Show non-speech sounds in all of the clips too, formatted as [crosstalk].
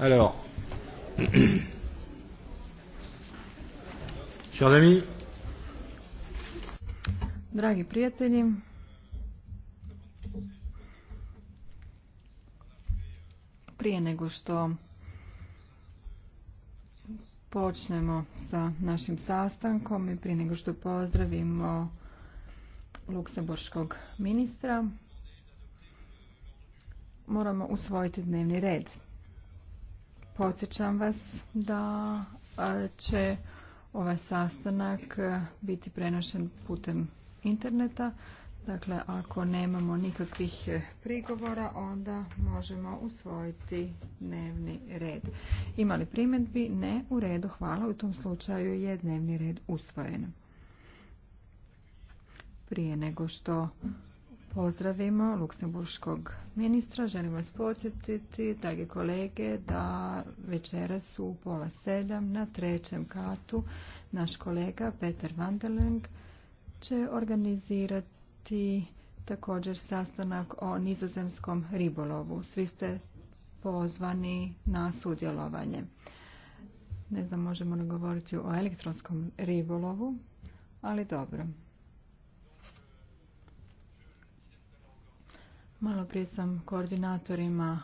Alors, chers dragi prijatelji, prije nego što počnemo sa našim sastankom i prije nego što pozdravimo luksemburškog ministra, moramo usvojiti dnevni red. Podsjećam vas da će ovaj sastanak biti prenošen putem interneta. Dakle, ako nemamo nikakvih e, prigovora, onda možemo usvojiti dnevni red. Ima li primjedbi? Ne, u redu, hvala. U tom slučaju je dnevni red usvojen. Prije nego što Pozdravimo luksemburškog ministra. Želim vas podsjetiti, dragi kolege, da večeras u pola sedam na trećem katu naš kolega Peter Vanderleng će organizirati također sastanak o nizozemskom ribolovu. Svi ste pozvani na sudjelovanje. Ne znam, možemo li govoriti o elektronskom ribolovu, ali dobro. Malo prije sam koordinatorima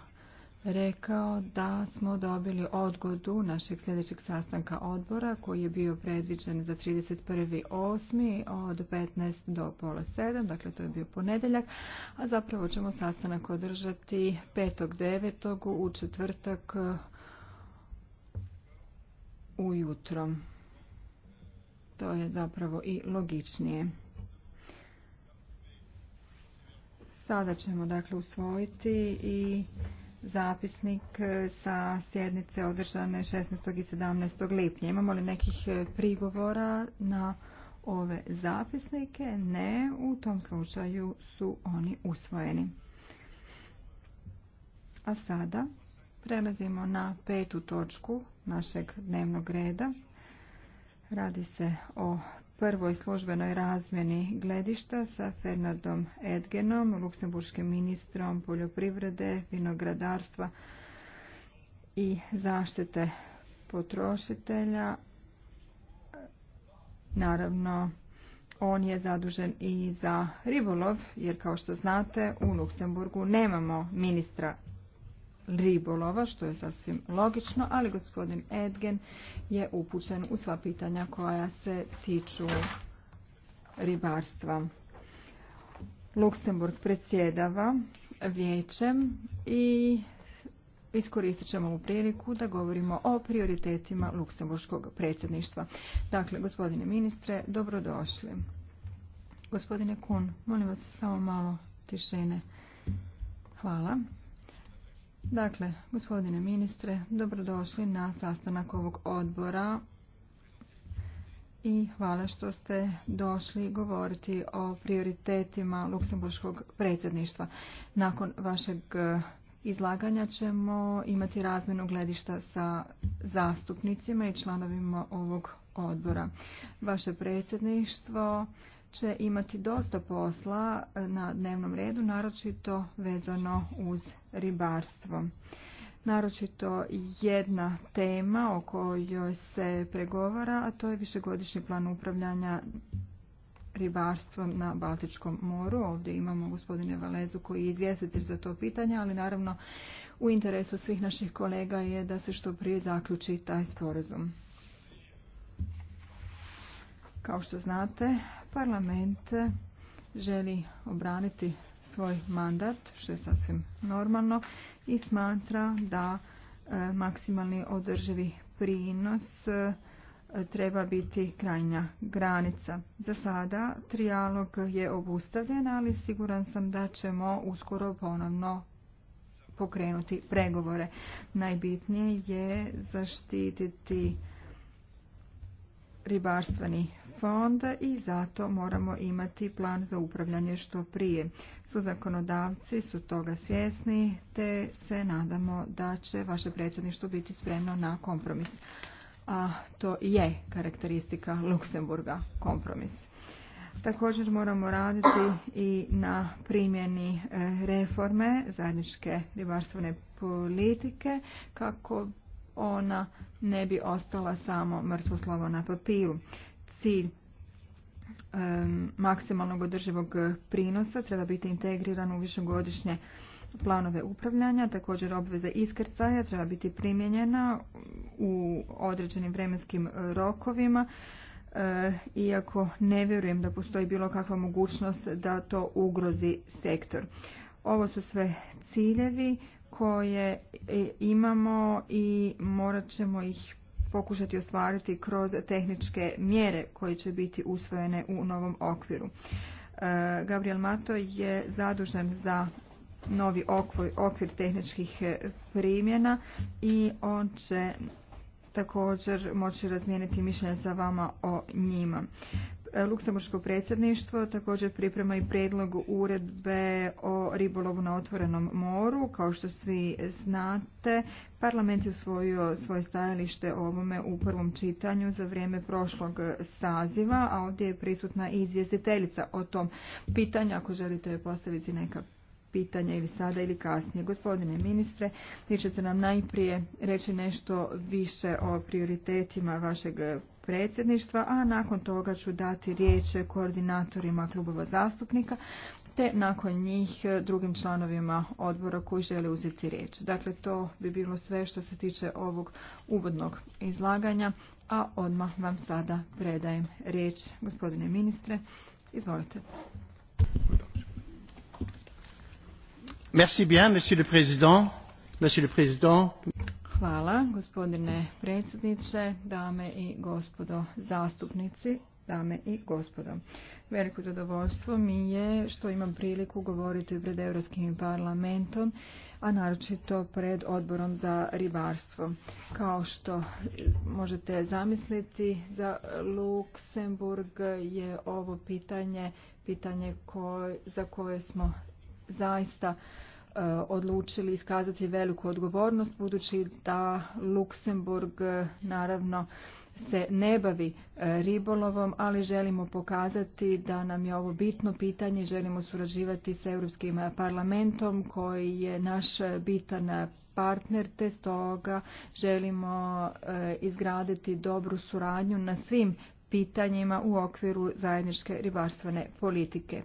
rekao da smo dobili odgodu našeg sljedećeg sastanka odbora koji je bio predviđen za 31.8. od 15 do pola 7, dakle to je bio ponedjeljak, a zapravo ćemo sastanak održati 5.9. u četvrtak ujutro. To je zapravo i logičnije. Sada ćemo dakle usvojiti i zapisnik e, sa sjednice održane 16. i 17. lipnja. Imamo li nekih e, prigovora na ove zapisnike? Ne, u tom slučaju su oni usvojeni. A sada prelazimo na petu točku našeg dnevnog reda. Radi se o prvoj službenoj razmjeni gledišta sa Fernandom Edgenom, luksemburškim ministrom poljoprivrede, vinogradarstva i zaštite potrošitelja. Naravno, on je zadužen i za ribolov, jer kao što znate u Luksemburgu nemamo ministra ribolova, što je sasvim logično, ali gospodin Edgen je upućen u sva pitanja koja se tiču ribarstva. Luksemburg predsjedava vijećem i iskoristit ćemo ovu priliku da govorimo o prioritetima luksemburškog predsjedništva. Dakle, gospodine ministre, dobrodošli. Gospodine Kun, molim vas samo malo tišine. Hvala. Dakle, gospodine ministre, dobrodošli na sastanak ovog odbora i hvala što ste došli govoriti o prioritetima luksemburškog predsjedništva. Nakon vašeg e, izlaganja ćemo imati razmjenu gledišta sa zastupnicima i članovima ovog odbora. Vaše predsjedništvo će imati dosta posla e, na dnevnom redu, naročito vezano uz ribarstvo. Naročito jedna tema o kojoj se pregovara, a to je višegodišnji plan upravljanja ribarstvom na Baltičkom moru. Ovdje imamo gospodine Valezu koji je izvjestitelj za to pitanje, ali naravno u interesu svih naših kolega je da se što prije zaključi taj sporazum. Kao što znate, parlament želi obraniti svoj mandat, što je sasvim normalno, i smatra da e, maksimalni održivi prinos e, treba biti krajnja granica. Za sada trijalog je obustavljen, ali siguran sam da ćemo uskoro ponovno pokrenuti pregovore. Najbitnije je zaštititi ribarstveni fond i zato moramo imati plan za upravljanje što prije. Su zakonodavci, su toga svjesni, te se nadamo da će vaše predsjedništvo biti spremno na kompromis. A to je karakteristika Luksemburga, kompromis. Također moramo raditi i na primjeni e, reforme zajedničke ribarstvene politike kako ona ne bi ostala samo mrtvo slovo na papiru cilj maksimalnog održivog prinosa treba biti integriran u višegodišnje planove upravljanja, također obveze iskrcaja treba biti primijenjena u određenim vremenskim rokovima, eh, iako ne vjerujem da postoji bilo kakva mogućnost da to ugrozi sektor. Ovo su sve ciljevi koje eh, imamo i morat ćemo ih pokušati ostvariti kroz tehničke mjere koje će biti usvojene u novom okviru. E, Gabriel Mato je zadužen za novi okvir, tehničkih e, primjena i on će također moći razmijeniti mišljenje sa vama o njima. Luksemburško predsjedništvo također priprema i predlog uredbe o ribolovu na otvorenom moru. Kao što svi znate, parlament je usvojio svoje stajalište o ovome u prvom čitanju za vrijeme prošlog saziva, a ovdje je prisutna i izvjestiteljica o tom pitanju. Ako želite postaviti neka pitanja ili sada ili kasnije. Gospodine ministre, vi ćete nam najprije reći nešto više o prioritetima vašeg predsjedništva, a nakon toga ću dati riječ koordinatorima klubova zastupnika te nakon njih drugim članovima odbora koji žele uzeti riječ. Dakle, to bi bilo sve što se tiče ovog uvodnog izlaganja, a odmah vam sada predajem riječ, gospodine ministre. Izvolite. Merci bien, monsieur le président. Monsieur le président. Hvala, gospodine predsjedniče, dame i gospodo zastupnici, dame i gospodo. Veliko zadovoljstvo mi je što imam priliku govoriti pred Europskim parlamentom, a naročito pred odborom za ribarstvo. Kao što možete zamisliti, za Luksemburg je ovo pitanje, pitanje za koje smo zaista E, odlučili iskazati veliku odgovornost budući da Luksemburg e, naravno se ne bavi e, ribolovom, ali želimo pokazati da nam je ovo bitno pitanje, želimo surađivati sa Europskim parlamentom koji je naš bitan partner, te stoga želimo izgraditi dobru suradnju na svim pitanjima u okviru zajedničke ribarstvene politike.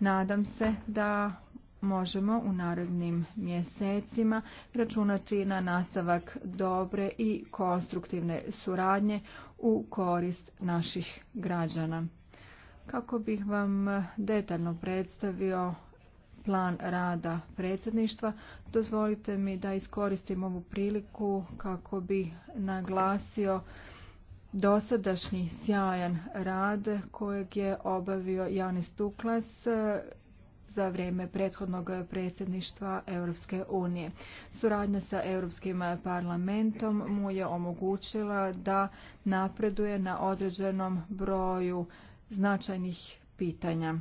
Nadam se da možemo u narednim mjesecima računati na nastavak dobre i konstruktivne suradnje u korist naših građana. Kako bih vam detaljno predstavio plan rada predsjedništva, dozvolite mi da iskoristim ovu priliku kako bi naglasio dosadašnji sjajan rad kojeg je obavio Janis Tuklas za vrijeme prethodnog predsjedništva Europske unije. Suradnja sa Europskim parlamentom mu je omogućila da napreduje na određenom broju značajnih pitanja.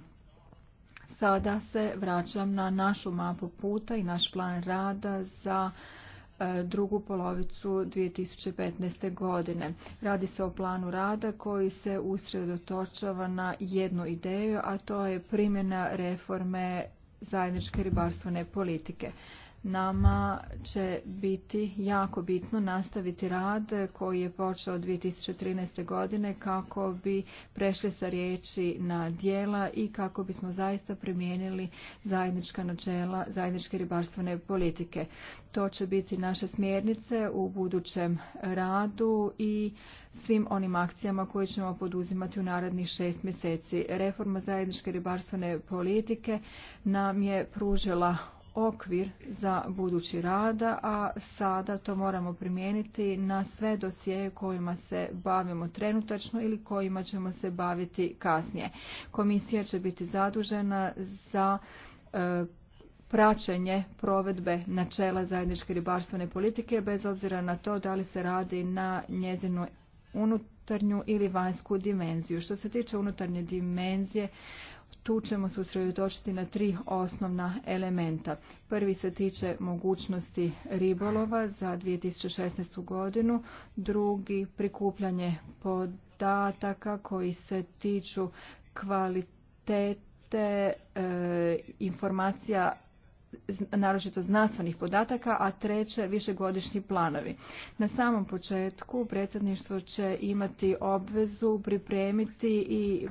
Sada se vraćam na našu mapu puta i naš plan rada za E, drugu polovicu 2015. godine. Radi se o planu rada koji se usredotočava na jednu ideju, a to je primjena reforme zajedničke ribarstvene politike. Nama će biti jako bitno nastaviti rad koji je počeo 2013. godine kako bi prešli sa riječi na dijela i kako bismo zaista primijenili zajednička načela zajedničke ribarstvene politike. To će biti naše smjernice u budućem radu i svim onim akcijama koje ćemo poduzimati u narednih šest mjeseci. Reforma zajedničke ribarstvene politike nam je pružila okvir za budući rada, a sada to moramo primijeniti na sve dosije kojima se bavimo trenutačno ili kojima ćemo se baviti kasnije. Komisija će biti zadužena za e, praćenje provedbe načela zajedničke ribarstvene politike bez obzira na to da li se radi na njezinu unutarnju ili vanjsku dimenziju. Što se tiče unutarnje dimenzije, tu ćemo se usredotočiti na tri osnovna elementa. Prvi se tiče mogućnosti ribolova za 2016. godinu, drugi prikupljanje podataka koji se tiču kvalitete e, informacija naročito znanstvenih podataka, a treće višegodišnji planovi. Na samom početku predsjedništvo će imati obvezu pripremiti i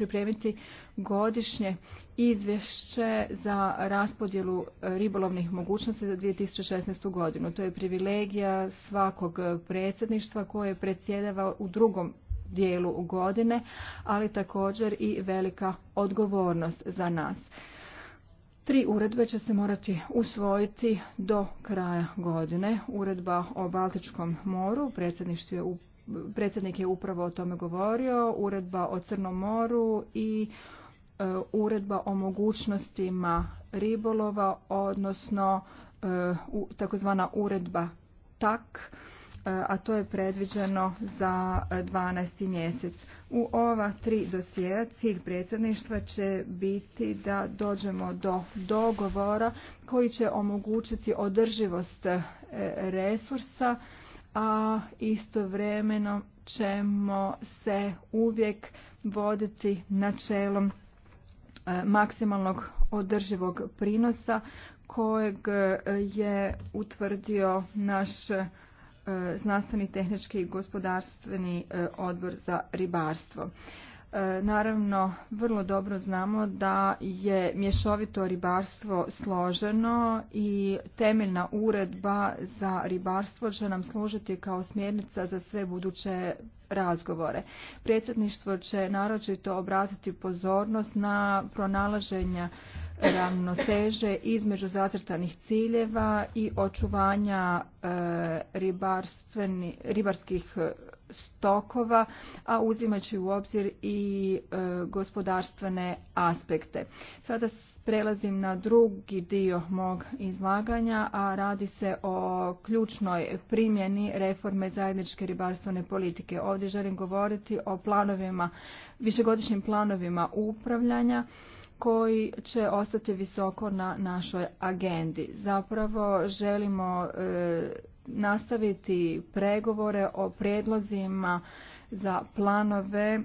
pripremiti godišnje izvješće za raspodjelu e, ribolovnih mogućnosti za 2016. godinu. To je privilegija svakog predsjedništva koje predsjedava u drugom dijelu godine, ali također i velika odgovornost za nas. Tri uredbe će se morati usvojiti do kraja godine. Uredba o Baltičkom moru, predsjedništvo je u predsjednik je upravo o tome govorio, uredba o Crnom moru i e, uredba o mogućnostima ribolova, odnosno e, takozvana uredba TAK, e, a to je predviđeno za 12. mjesec. U ova tri dosijeja cilj predsjedništva će biti da dođemo do dogovora koji će omogućiti održivost resursa a istovremeno ćemo se uvijek voditi načelom e, maksimalnog održivog prinosa kojeg e, je utvrdio naš e, znanstveni, tehnički i gospodarstveni odbor za ribarstvo. E, naravno, vrlo dobro znamo da je mješovito ribarstvo složeno i temeljna uredba za ribarstvo će nam služiti kao smjernica za sve buduće razgovore. Predsjedništvo će naročito obraziti pozornost na pronalaženja ravnoteže između zacrtanih ciljeva i očuvanja e, ribarskih stokova, a uzimajući u obzir i e, gospodarstvene aspekte. Sada prelazim na drugi dio mog izlaganja, a radi se o ključnoj primjeni reforme zajedničke ribarstvene politike. Ovdje želim govoriti o planovima, višegodišnjim planovima upravljanja koji će ostati visoko na našoj agendi. Zapravo želimo e, nastaviti pregovore o prijedlozima za planove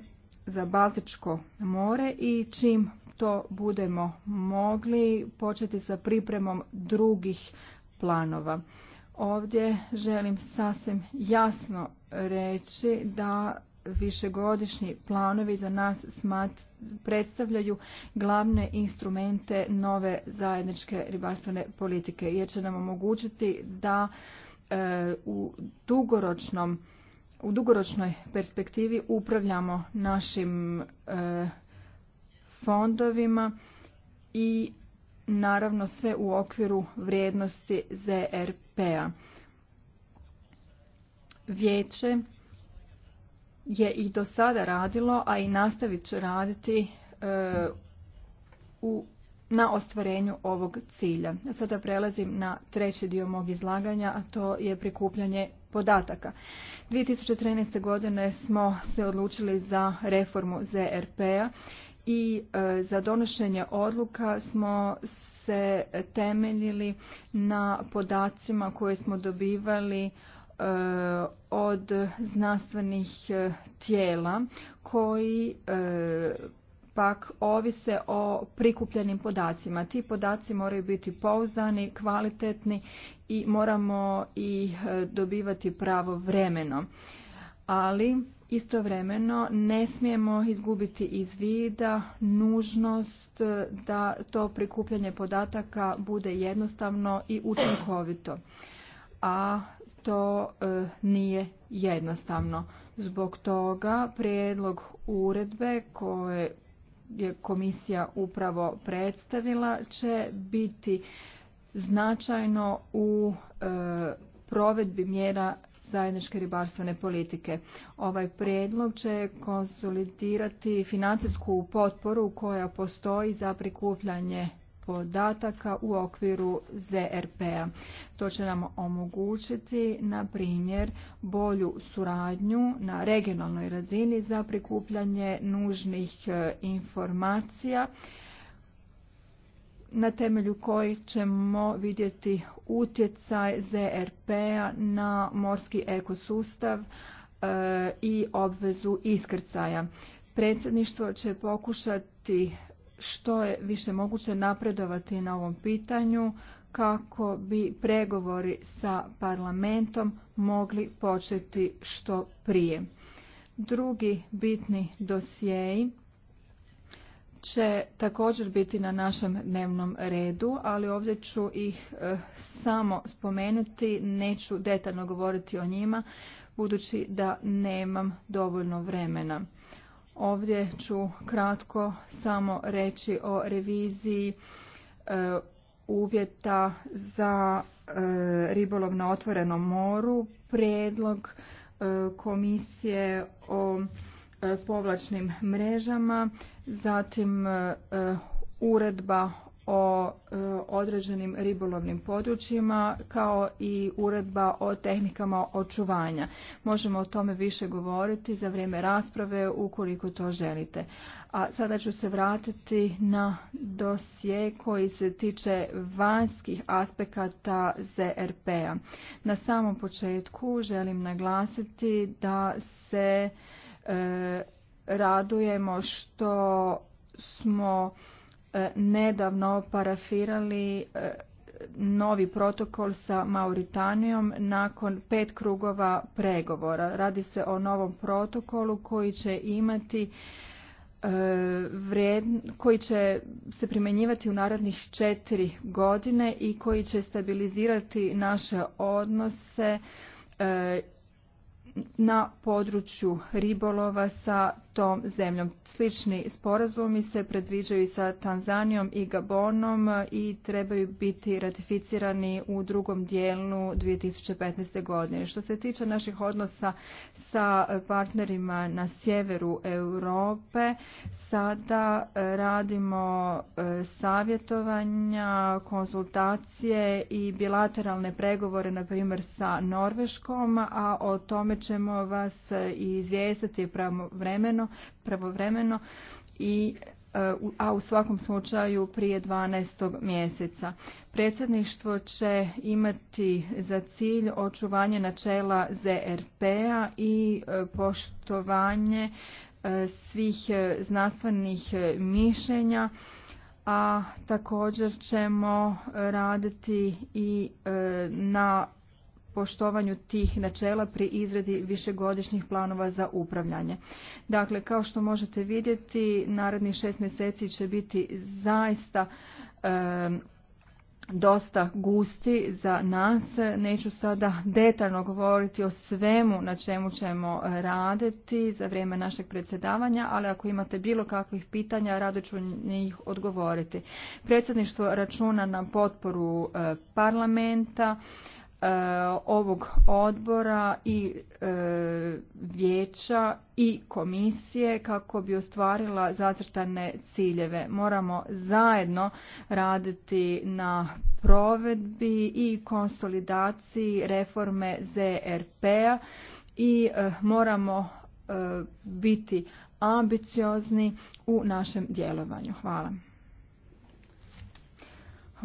za Baltičko more i čim to budemo mogli početi sa pripremom drugih planova. Ovdje želim sasvim jasno reći da višegodišnji planovi za nas smat, predstavljaju glavne instrumente nove zajedničke ribarstvene politike jer će nam omogućiti da E, u dugoročnom u dugoročnoj perspektivi upravljamo našim e, fondovima i naravno sve u okviru vrijednosti ZRP-a. Vijeće je i do sada radilo, a i nastavit će raditi e, u na ostvarenju ovog cilja. Sada prelazim na treći dio mog izlaganja, a to je prikupljanje podataka. 2013. godine smo se odlučili za reformu ZRP-a i e, za donošenje odluka smo se temeljili na podacima koje smo dobivali e, od znanstvenih e, tijela koji pak ovise o prikupljenim podacima. Ti podaci moraju biti pouzdani, kvalitetni i moramo i e, dobivati pravo vremeno. Ali istovremeno ne smijemo izgubiti iz vida nužnost e, da to prikupljanje podataka bude jednostavno i učinkovito. A to e, nije jednostavno. Zbog toga prijedlog uredbe koje je komisija upravo predstavila će biti značajno u e, provedbi mjera zajedničke ribarstvene politike. Ovaj predlog će konsolidirati financijsku potporu koja postoji za prikupljanje podataka u okviru ZRP-a. To će nam omogućiti, na primjer, bolju suradnju na regionalnoj razini za prikupljanje nužnih e, informacija na temelju koji ćemo vidjeti utjecaj ZRP-a na morski ekosustav e, i obvezu iskrcaja. Predsjedništvo će pokušati što je više moguće napredovati na ovom pitanju kako bi pregovori sa parlamentom mogli početi što prije. Drugi bitni dosjeji će također biti na našem dnevnom redu, ali ovdje ću ih e, samo spomenuti, neću detaljno govoriti o njima, budući da nemam dovoljno vremena. Ovdje ću kratko samo reći o reviziji e, uvjeta za e, ribolov na otvorenom moru, predlog e, komisije o povlačnim mrežama, zatim uredba o e, određenim ribolovnim područjima kao i uredba o tehnikama očuvanja. Možemo o tome više govoriti za vrijeme rasprave ukoliko to želite. A sada ću se vratiti na dosje koji se tiče vanjskih aspekata ZRP-a. Na samom početku želim naglasiti da se e, radujemo što smo E, nedavno parafirali e, novi protokol sa Mauritanijom nakon pet krugova pregovora. Radi se o novom protokolu koji će imati e, koji će se primjenjivati u narednih četiri godine i koji će stabilizirati naše odnose na području ribolova sa tom zemljom. Slični sporazumi se predviđaju i sa Tanzanijom i Gabonom i trebaju biti ratificirani u drugom dijelu 2015. godine. Što se tiče naših odnosa sa partnerima na sjeveru Europe, sada radimo e, savjetovanja, konzultacije i bilateralne pregovore, na primjer sa Norveškom, a o tome ćemo vas izvijestiti pravovremeno prvovremeno, pravovremeno i e, a u svakom slučaju prije 12. mjeseca. Predsjedništvo će imati za cilj očuvanje načela ZRP-a i e, poštovanje e, svih znanstvenih mišljenja, a također ćemo raditi i na poštovanju tih načela pri izradi višegodišnjih planova za upravljanje. Dakle, kao što možete vidjeti, narednih šest mjeseci će biti zaista dosta gusti za nas. Neću sada detaljno govoriti o svemu na čemu ćemo raditi za vrijeme našeg predsjedavanja, ali ako imate bilo kakvih pitanja, rado ću njih odgovoriti. Predsjedništvo računa na potporu eh, parlamenta, E, ovog odbora i e, vijeća i komisije kako bi ostvarila zacrtane ciljeve. Moramo zajedno raditi na provedbi i konsolidaciji reforme ZRP-a i e, moramo biti ambiciozni u našem djelovanju. Hvala.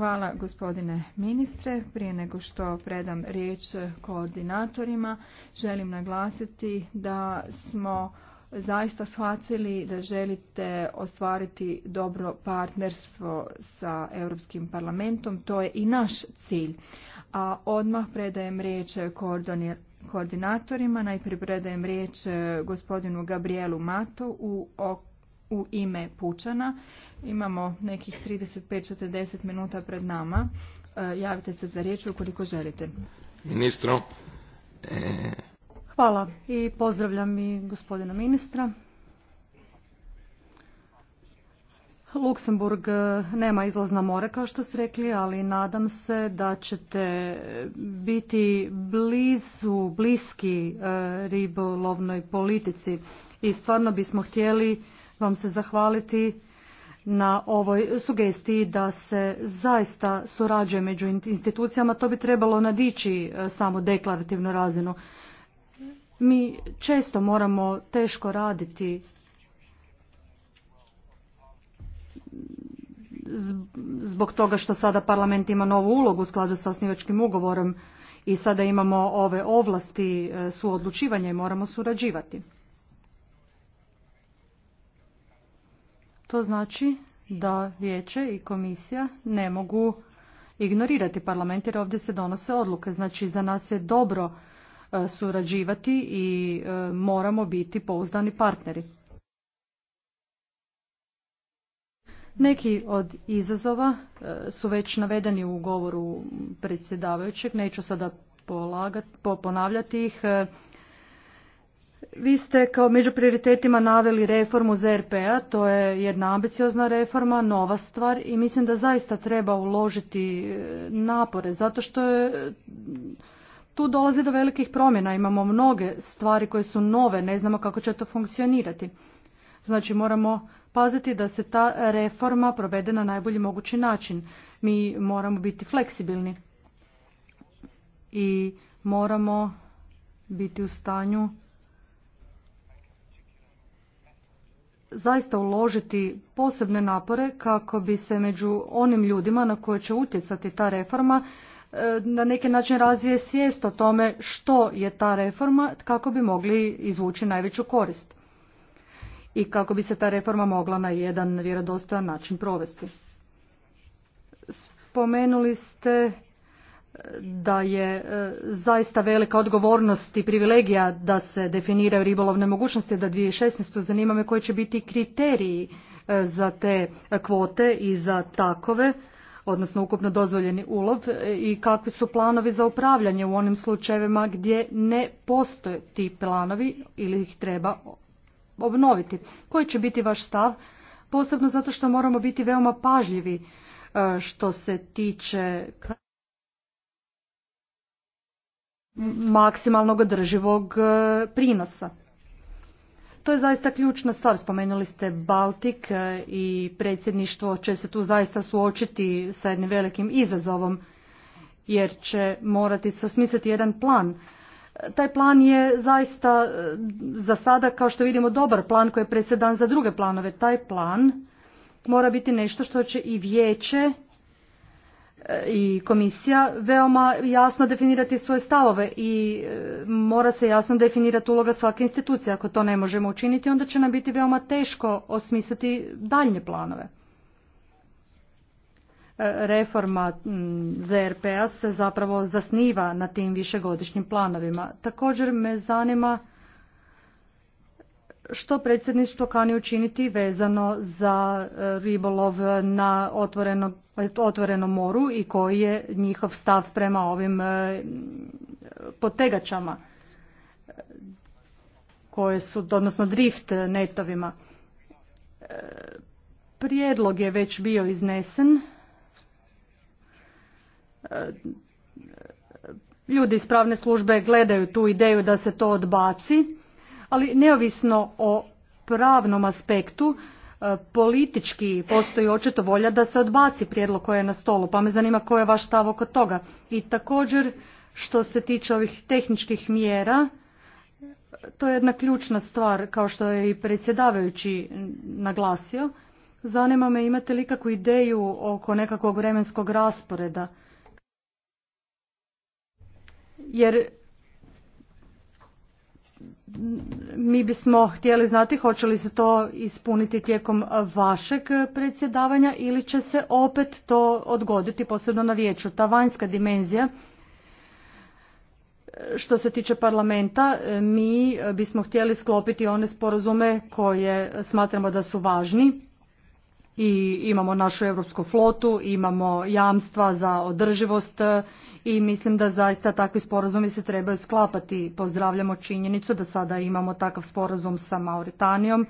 Hvala gospodine ministre. Prije nego što predam riječ koordinatorima, želim naglasiti da smo zaista shvatili da želite ostvariti dobro partnerstvo sa Europskim parlamentom. To je i naš cilj. A odmah predajem riječ koordinatorima. Najprije predajem riječ gospodinu Gabrielu Mato u, u ime Pučana. Imamo nekih 35-40 minuta pred nama. E, javite se za riječ ukoliko želite. Ministro. E, Hvala i pozdravljam i gospodina ministra. Luksemburg e, nema izlaz na more kao što ste rekli, ali nadam se da ćete biti blizu, bliski ribolovnoj politici i stvarno bismo htjeli vam se zahvaliti na ovoj sugestiji da se zaista surađuje među institucijama. To bi trebalo nadići e, samo deklarativnu razinu. Mi često moramo teško raditi zbog toga što sada parlament ima novu ulogu u skladu sa osnivačkim ugovorom i sada imamo ove ovlasti e, suodlučivanja i moramo surađivati. To znači da vijeće i komisija ne mogu ignorirati parlament jer ovdje se donose odluke. Znači za nas je dobro e, surađivati i e, moramo biti pouzdani partneri. Neki od izazova e, su već navedeni u govoru predsjedavajućeg, neću sada ponavljati ih. Vi ste kao među prioritetima naveli reformu ZRP-a, to je jedna ambiciozna reforma, nova stvar i mislim da zaista treba uložiti e, napore zato što e, tu dolazi do velikih promjena, imamo mnoge stvari koje su nove, ne znamo kako će to funkcionirati. Znači moramo paziti da se ta reforma provede na najbolji mogući način. Mi moramo biti fleksibilni i moramo biti u stanju zaista uložiti posebne napore kako bi se među onim ljudima na koje će utjecati ta reforma e, na neki način razvije svijest o tome što je ta reforma kako bi mogli izvući najveću korist i kako bi se ta reforma mogla na jedan vjerodostojan način provesti. Spomenuli ste da je e, zaista velika odgovornost i privilegija da se definiraju ribolovne mogućnosti da 2016. zanima me koji će biti kriteriji e, za te kvote i za takove odnosno ukupno dozvoljeni ulov e, i kakvi su planovi za upravljanje u onim slučajevima gdje ne postoje ti planovi ili ih treba obnoviti. Koji će biti vaš stav? Posebno zato što moramo biti veoma pažljivi što se tiče maksimalnog održivog e, prinosa. To je zaista ključna stvar. Spomenuli ste Baltik e, i predsjedništvo će se tu zaista suočiti sa jednim velikim izazovom jer će morati se osmisliti jedan plan. E, taj plan je zaista za sada, kao što vidimo, dobar plan koji je presedan za druge planove. Taj plan mora biti nešto što će i vijeće E, i komisija veoma jasno definirati svoje stavove i e, mora se jasno definirati uloga svake institucije. Ako to ne možemo učiniti, onda će nam biti veoma teško osmisliti daljnje planove. E, reforma zrp p-a se zapravo zasniva na tim višegodišnjim planovima. Također me zanima što predsjedništvo kani učiniti vezano za e, ribolov na otvorenom moru i koji je njihov stav prema ovim e, potegačama koje su, odnosno drift netovima. E, prijedlog je već bio iznesen. Ljudi iz pravne službe gledaju tu ideju da se to odbaci ali neovisno o pravnom aspektu e, politički postoji očito volja da se odbaci prijedlog koji je na stolu, pa me zanima koji je vaš stav oko toga. I također što se tiče ovih tehničkih mjera, to je jedna ključna stvar kao što je i predsjedavajući naglasio. Zanima me imate li kakvu ideju oko nekakvog vremenskog rasporeda. Jer mi bismo htjeli znati hoće li se to ispuniti tijekom vašeg predsjedavanja ili će se opet to odgoditi posebno na vijeću. Ta vanjska dimenzija što se tiče parlamenta, mi bismo htjeli sklopiti one sporazume koje smatramo da su važni i imamo našu europsku flotu, imamo jamstva za održivost i mislim da zaista takvi sporazumi se trebaju sklapati. Pozdravljamo činjenicu da sada imamo takav sporazum sa Mauritanijom.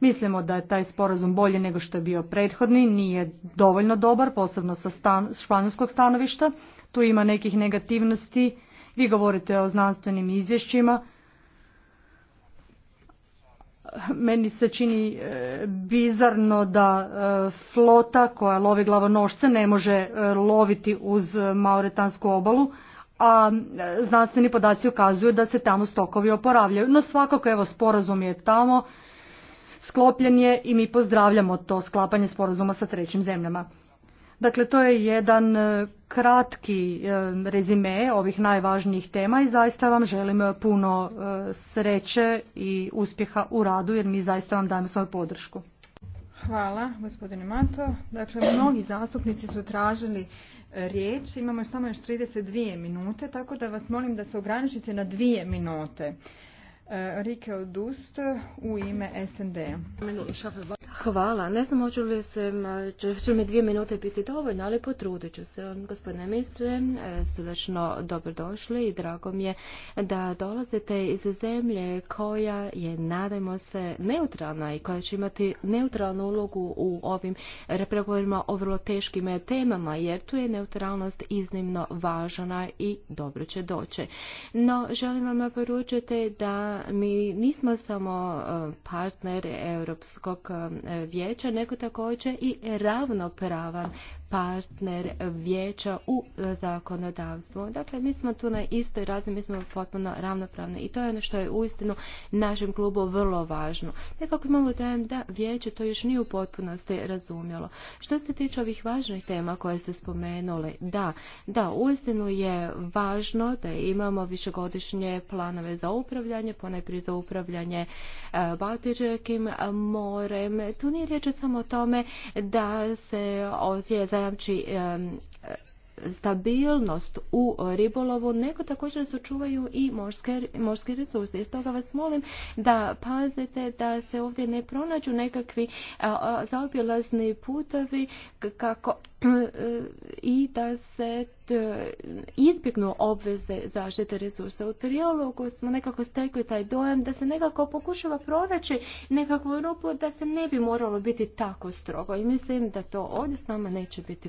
Mislimo da je taj sporazum bolji nego što je bio prethodni, nije dovoljno dobar, posebno sa stan, španjolskog stanovišta. Tu ima nekih negativnosti. Vi govorite o znanstvenim izvješćima meni se čini e, bizarno da e, flota koja lovi glavonošce ne može e, loviti uz Mauretansku obalu, a znanstveni podaci ukazuju da se tamo stokovi oporavljaju. No svakako evo sporazum je tamo, sklopljen je i mi pozdravljamo to sklapanje sporazuma sa trećim zemljama. Dakle, to je jedan e, kratki e, rezime ovih najvažnijih tema i zaista vam želim e, puno sreće i uspjeha u radu jer mi zaista vam dajemo svoju podršku. Hvala, gospodine Mato. Dakle, mnogi zastupnici su tražili riječ. Imamo samo još 32 minute, tako da vas molim da se ograničite na dvije minute. Eh, Rike Odust u ime snd Hvala. Ne znam hoću li se, će mi dvije minute biti dovoljno, ali potrudit ću se. Gospodine ministre, eh, srdečno dobrodošli i drago mi je da dolazite iz zemlje koja je, nadajmo se, neutralna i koja će imati neutralnu ulogu u ovim repregovorima o vrlo teškim temama, jer tu je neutralnost iznimno važna i dobro će doći. No, želim vam poručiti da mi nismo samo e, partner Europskog e, vijeća, nego također i ravnopravan partner vijeća u e, zakonodavstvu. Dakle, mi smo tu na istoj razini, mi smo potpuno ravnopravni i to je ono što je uistinu našem klubu vrlo važno. Nekako imamo dojem da vijeće to još nije u potpunosti razumjelo. Što se tiče ovih važnih tema koje ste spomenuli, da, da, uistinu je važno da imamo višegodišnje planove za upravljanje, ponajprije za upravljanje e, Baltičkim morem. Tu nije riječ samo o tome da se za zajamči stabilnost u ribolovu, nego također sačuvaju i morske, morske resurse. I stoga vas molim da pazite da se ovdje ne pronađu nekakvi zaobilazni putovi kako [clears throat] i da se izbjegnu obveze zaštite resursa. U trijalogu smo nekako stekli taj dojam da se nekako pokušava pronaći nekakvu rupu da se ne bi moralo biti tako strogo i mislim da to ovdje s nama neće biti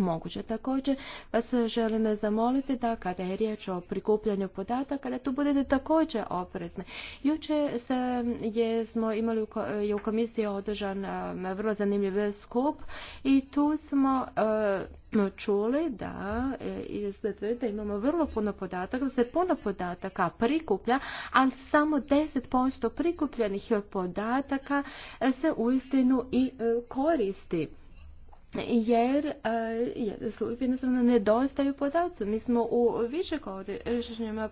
moguće. Također vas želim zamoliti da kada je riječ o prikupljanju podataka, da tu budete također oprezni. Juče je, smo imali u komisiji održan um, vrlo zanimljiv skup i tu smo um, čuli da, e, imamo vrlo puno podataka, da se puno podataka prikuplja, ali samo 10% prikupljenih podataka se uistinu i e, koristi jer službe jednostavno nedostaju podaci. Mi smo u višegodišnjem e,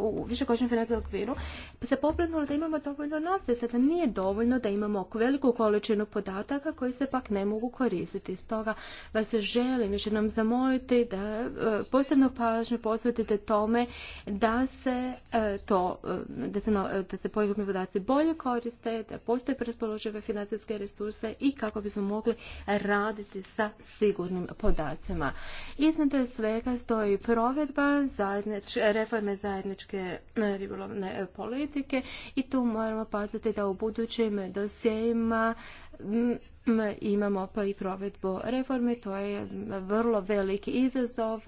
u financijskom okviru se poprednuli da imamo dovoljno novca. Sada nije dovoljno da imamo veliku količinu podataka koji se pak ne mogu koristiti. Stoga vas želim još nam zamoliti da e, posebno pažnju posvetite tome da se e, to da se, da podaci bolje koriste, da postoje prespoložive financijske resurse i kako bismo mogli raditi sa sigurnim podacima. Iznad svega stoji provedba reforme zajedničke e, ribolovne e, politike i tu moramo paziti da u budućim dosijima imamo pa i provedbu reforme, to je vrlo veliki izazov,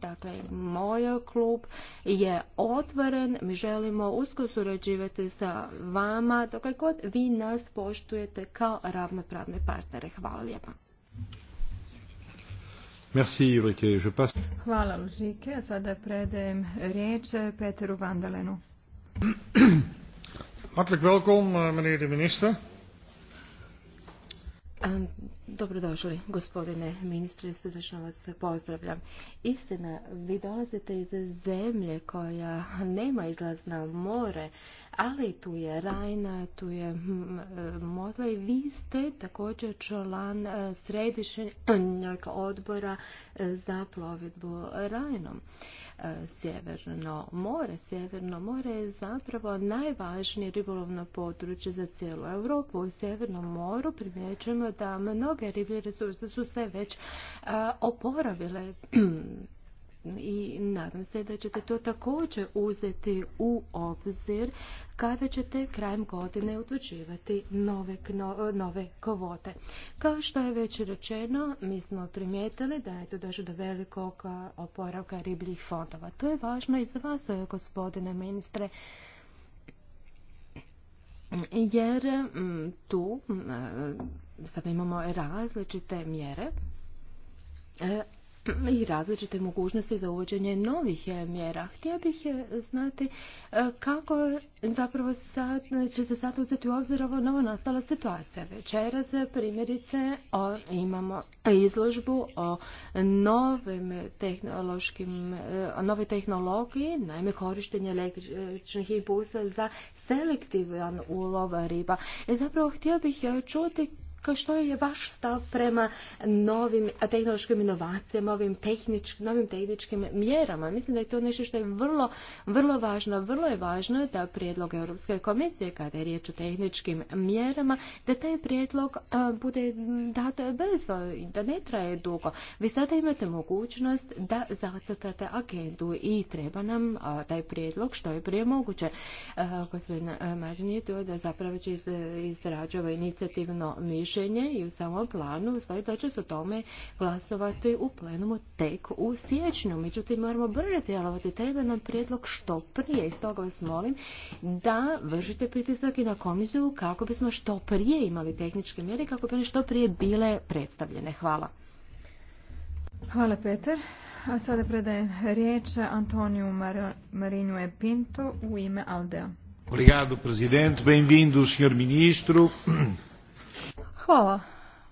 dakle moj klub je otvoren, mi želimo usko surađivati sa vama, dokle god vi nas poštujete kao ravnopravne partnere. Hvala lijepa. Merci, Ulrike. Je passe... Hvala, Ulrike. Sada predajem riječ Peteru Vandalenu. Hartelijk welkom, eh, meneer de minister. Dobrodošli, gospodine ministre, srdečno vas pozdravljam. Istina, vi dolazite iz zemlje koja nema izlaz na more, ali tu je Rajna, tu je Mozla i vi ste također član e, središnjeg odbora e, za plovidbu Rajnom. Sjeverno more. Sjeverno more je zapravo najvažnije ribolovno područje za cijelu Europu. U Sjevernom moru primjećujemo da mnoge riblje resurse su sve već oporavile [clears throat] i nadam se da ćete to također uzeti u obzir kada ćete krajem godine utvrđivati nove, kovote. nove kvote. Kao što je već rečeno, mi smo primijetili da je to došlo do velikog oporavka ribljih fondova. To je važno i za vas, gospodine ministre, jer mm, tu mm, e, sada imamo različite mjere e, i različite mogućnosti za uvođenje novih e, mjera. Htio bih e, znati e, kako zapravo sad, će se sad uzeti u obzir ovo novo nastala situacija. Večeras primjerice o, imamo izložbu o novim tehnološkim, o novoj tehnologiji, naime korištenje električnih impulsa za selektivan ulova riba. i zapravo htio bih čuti kao što je vaš stav prema novim tehnološkim inovacijama, ovim tehničkim novim tehničkim mjerama. Mislim da je to nešto što je vrlo, vrlo važno. Vrlo je važno da prijedlog Europske komisije, kada je riječ o tehničkim mjerama, da taj prijedlog bude dat brzo i da ne traje dugo. Vi sada imate mogućnost da zacrtate agendu i treba nam taj prijedlog što je prije moguće. Gospodin Marin je to da zapravo će izrađava inicijativno mišljenje mišljenje i u samom planu stoji da će se o tome glasovati u plenumu tek u siječnju. Međutim, moramo brže djelovati. Treba nam prijedlog što prije. I stoga vas molim da vršite pritisak i na komisiju kako bismo što prije imali tehničke mjere, kako bi što prije bile predstavljene. Hvala. Hvala, Peter. A sada predajem riječ Antoniju Mar Marinju Epinto u ime Aldea. Obrigado, presidente. Bem-vindo, senhor ministro. Hvala.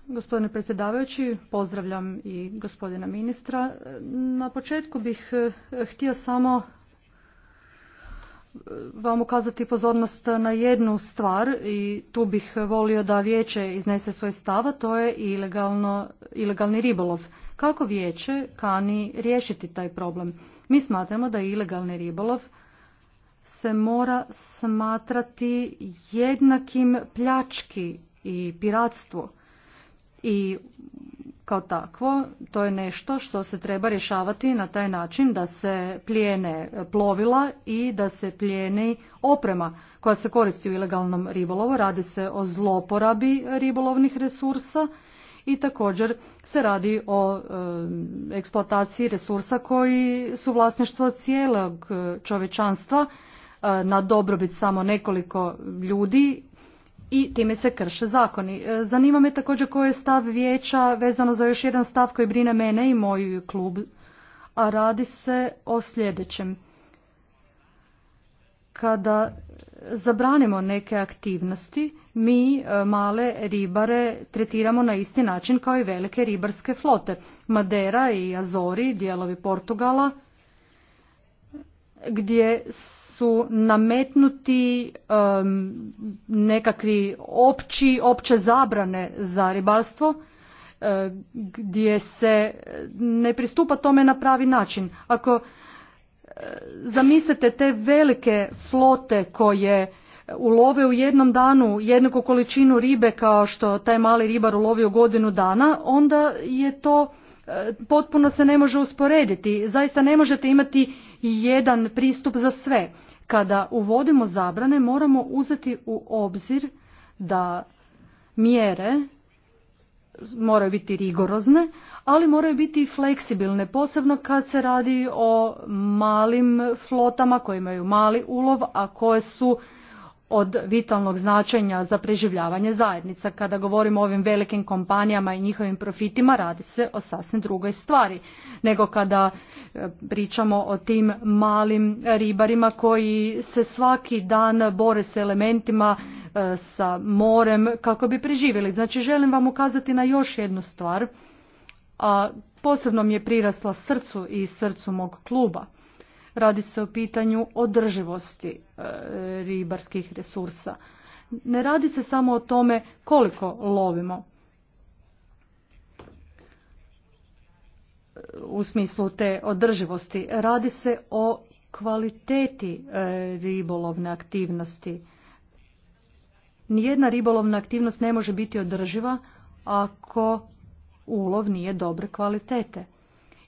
Gospodine predsjedavajući, pozdravljam i gospodina ministra. Na početku bih eh, htio samo eh, vam ukazati pozornost na jednu stvar i tu bih volio da vijeće iznese svoj stav, a to je ilegalno, ilegalni ribolov. Kako vijeće kani riješiti taj problem? Mi smatramo da je ilegalni ribolov se mora smatrati jednakim pljački i piratstvu. I kao takvo, to je nešto što se treba rješavati na taj način da se plijene plovila i da se plijeni oprema koja se koristi u ilegalnom ribolovu. Radi se o zloporabi ribolovnih resursa i također se radi o eh, eksploataciji resursa koji su vlasništvo cijelog eh, čovečanstva eh, na dobrobit samo nekoliko ljudi i time se krše zakoni. E, zanima me također koji je stav vijeća vezano za još jedan stav koji brine mene i moj klub, a radi se o sljedećem. Kada zabranimo neke aktivnosti, mi e, male ribare tretiramo na isti način kao i velike ribarske flote. Madera i Azori, dijelovi Portugala, gdje su nametnuti nekakvi opći, opće zabrane za ribarstvo e, gdje se ne pristupa tome na pravi način. Ako e, zamislite te velike flote koje ulove u jednom danu jednu količinu ribe kao što taj mali ribar ulovi u godinu dana, onda je to e, potpuno se ne može usporediti. Zaista ne možete imati jedan pristup za sve. Kada uvodimo zabrane moramo uzeti u obzir da mjere moraju biti rigorozne, ali moraju biti i fleksibilne, posebno kad se radi o malim flotama koje imaju mali ulov, a koje su od vitalnog značenja za preživljavanje zajednica. Kada govorimo o ovim velikim kompanijama i njihovim profitima, radi se o sasvim drugoj stvari nego kada e, pričamo o tim malim ribarima koji se svaki dan bore s elementima, e, sa morem kako bi preživjeli. Znači želim vam ukazati na još jednu stvar, a posebno mi je prirasla srcu i srcu mog kluba. Radi se o pitanju održivosti e, ribarskih resursa. Ne radi se samo o tome koliko lovimo. u smislu te održivosti. Radi se o kvaliteti e, ribolovne aktivnosti. Nijedna ribolovna aktivnost ne može biti održiva ako ulov nije dobre kvalitete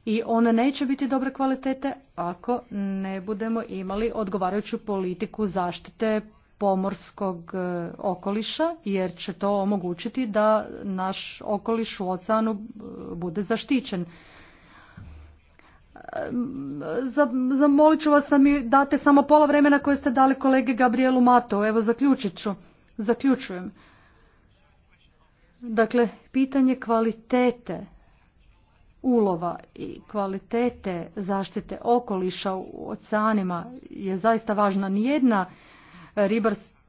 i one neće biti dobre kvalitete ako ne budemo imali odgovarajuću politiku zaštite pomorskog e, okoliša jer će to omogućiti da naš okoliš u oceanu e, bude zaštićen. E, zamolit ću vas da mi date samo pola vremena koje ste dali kolege Gabrielu Mato. Evo zaključit ću. Zaključujem. Dakle, pitanje kvalitete ulova i kvalitete zaštite okoliša u oceanima je zaista važna. Nijedna e,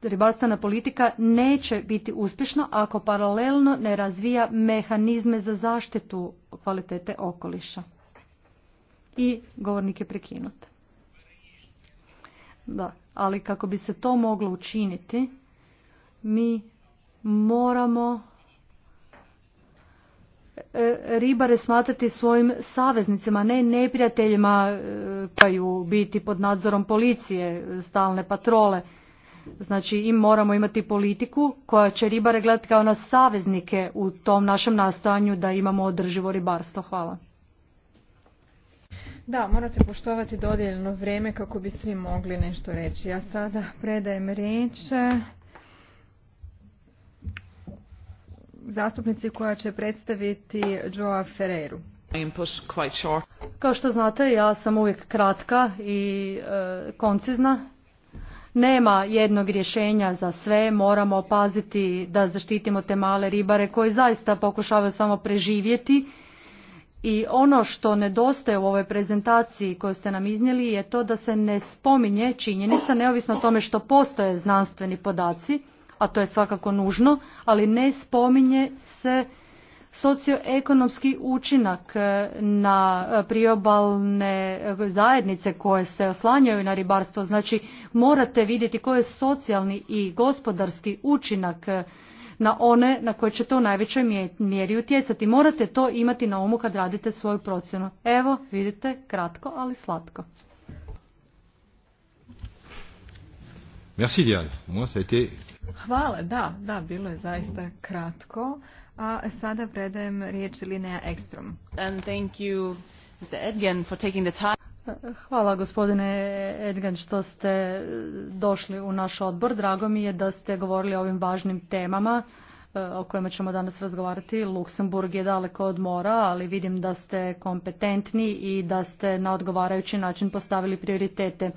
ribarstvena politika neće biti uspješna ako paralelno ne razvija mehanizme za zaštitu kvalitete okoliša. I govornik je prekinut. Da, ali kako bi se to moglo učiniti, mi moramo E, ribare smatrati svojim saveznicima, ne neprijateljima e, koji biti pod nadzorom policije, stalne patrole. Znači im moramo imati politiku koja će ribare gledati kao na saveznike u tom našem nastojanju da imamo održivo ribarstvo. Hvala. Da, morate poštovati dodijeljeno vrijeme kako bi svi mogli nešto reći. Ja sada predajem riječ zastupnici koja će predstaviti Joa Ferreru. Kao što znate, ja sam uvijek kratka i e, koncizna. Nema jednog rješenja za sve, moramo paziti da zaštitimo te male ribare koji zaista pokušavaju samo preživjeti. I ono što nedostaje u ovoj prezentaciji koju ste nam iznijeli je to da se ne spominje činjenica, neovisno o tome što postoje znanstveni podaci, a to je svakako nužno, ali ne spominje se socioekonomski učinak e, na e, priobalne zajednice koje se oslanjaju na ribarstvo. Znači morate vidjeti koji je socijalni i gospodarski učinak e, na one na koje će to u najvećoj mjeri utjecati. Morate to imati na umu kad radite svoju procjenu. Evo, vidite, kratko, ali slatko. Merci Diane. Moi, ça été... Hvala, da, da, bilo je zaista kratko. A sada predajem riječ Linea Ekstrom. And thank you, Edgen, for taking the time. Hvala gospodine Edgen što ste došli u naš odbor. Drago mi je da ste govorili o ovim važnim temama eh, o kojima ćemo danas razgovarati. Luksemburg je daleko od mora, ali vidim da ste kompetentni i da ste na odgovarajući način postavili prioritete.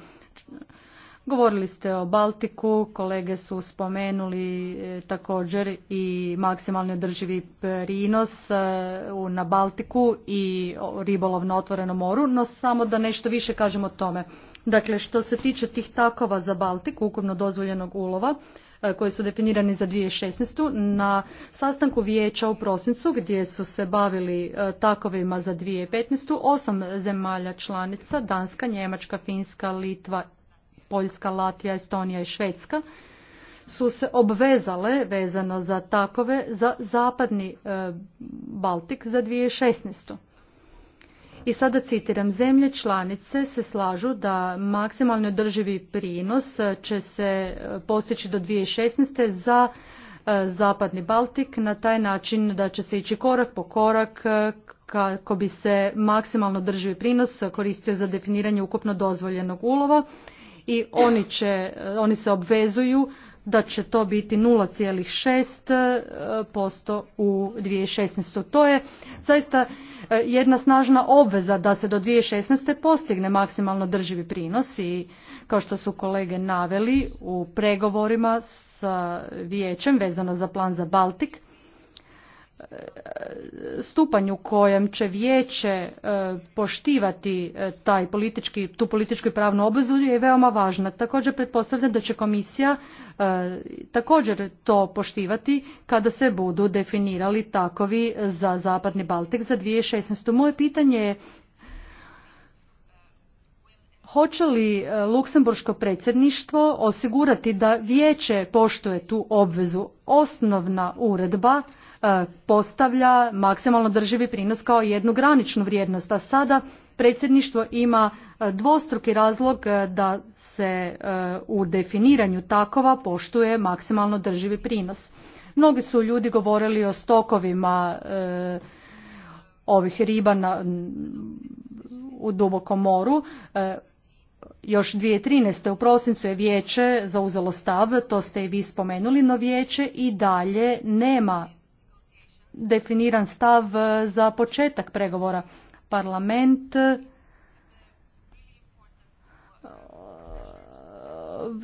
Govorili ste o Baltiku, kolege su spomenuli e, također i maksimalni održivi prinos e, na Baltiku i ribolov na otvorenom moru, no samo da nešto više kažem o tome. Dakle, što se tiče tih takova za Baltik, ukupno dozvoljenog ulova, e, koji su definirani za 2016. Na sastanku vijeća u prosincu gdje su se bavili takovima za 2015. Osam zemalja članica, Danska, Njemačka, Finska, Litva Poljska, Latvija, Estonija i Švedska su se obvezale vezano za takove za zapadni e, Baltik za 2016. I sada citiram, zemlje članice se slažu da maksimalno drživi prinos e, će se e, postići do 2016. za zapadni Baltik na taj način da će se ići korak po korak kako bi se maksimalno drživi prinos koristio za definiranje ukupno dozvoljenog ulova i oni, će, oni se obvezuju da će to biti 0,6% e, u 2016. To je zaista e, jedna snažna obveza da se do 2016. postigne maksimalno drživi prinos i kao što su kolege naveli u pregovorima sa vijećem vezano za plan za Baltik stupanj u kojem će vijeće e, poštivati e, taj politički, tu političku i pravnu obvezu je veoma važna. Također pretpostavljam da će komisija e, također to poštivati kada se budu definirali takovi za Zapadni Baltik za 2016. Moje pitanje je Hoće li luksemburško predsjedništvo osigurati da vijeće poštuje tu obvezu? Osnovna uredba E, postavlja maksimalno drživi prinos kao jednu graničnu vrijednost, a sada predsjedništvo ima e, dvostruki razlog e, da se u definiranju takova poštuje maksimalno drživi prinos. Mnogi su ljudi govorili o stokovima ovih riba na, u dubokom moru. Još 2013. u prosincu je vijeće zauzelo stav, to ste i vi spomenuli, no vijeće i dalje nema definiran stav e, za početak pregovora. Parlament e,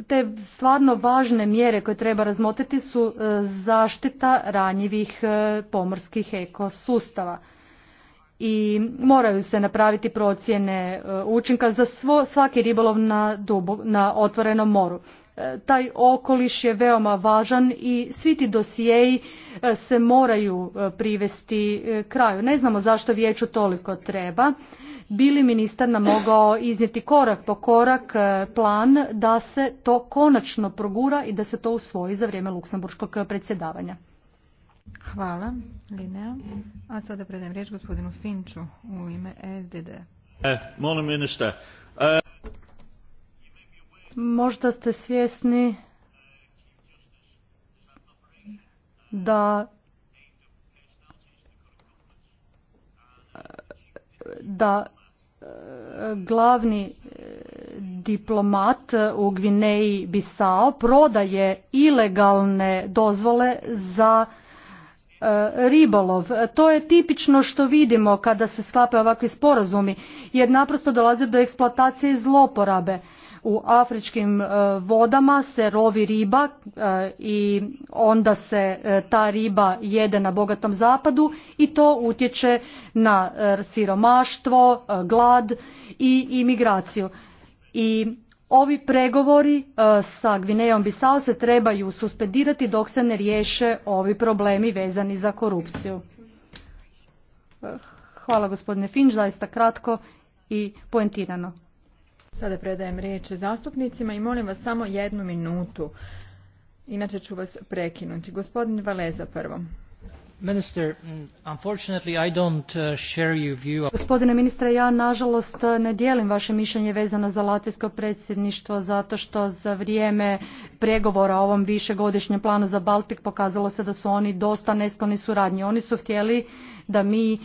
te stvarno važne mjere koje treba razmotriti su e, zaštita ranjivih pomorskih ekosustava i moraju se napraviti procjene učinka za svaki ribolov na, na otvorenom moru. E, taj okoliš je veoma važan i svi ti dosijeji e, se moraju e, privesti kraju. Ne znamo zašto vijeću toliko treba. Bili ministar nam mogao iznijeti korak po korak plan da se to konačno progura i da se to usvoji za vrijeme luksemburškog predsjedavanja. Hvala, Linea. A sada predajem riječ gospodinu Finču u ime FDD. Možda ste svjesni da da e, glavni e, diplomat u Gvineji Bisao prodaje ilegalne dozvole za e, ribolov. To je tipično što vidimo kada se sklapaju ovakvi sporazumi jer naprosto dolazi do eksploatacije i zloporabe u afričkim e, vodama se rovi riba e, i onda se e, ta riba jede na bogatom zapadu i to utječe na siromaštvo, glad i imigraciju. I ovi pregovori sa Gvinejom Bisao se trebaju suspendirati dok se ne riješe ovi problemi vezani za korupciju. Hvala gospodine Finč, zaista kratko i poentirano. Sada predajem riječ zastupnicima i molim vas samo jednu minutu. Inače ću vas prekinuti. Gospodin Valeza prvo. Gospodine ministre, ja nažalost uh, ne dijelim vaše mišljenje vezano za Latvijsko predsjedništvo zato što za vrijeme pregovora o ovom višegodišnjem planu za Baltik pokazalo se da su oni dosta neskloni suradnji. Oni su htjeli da mi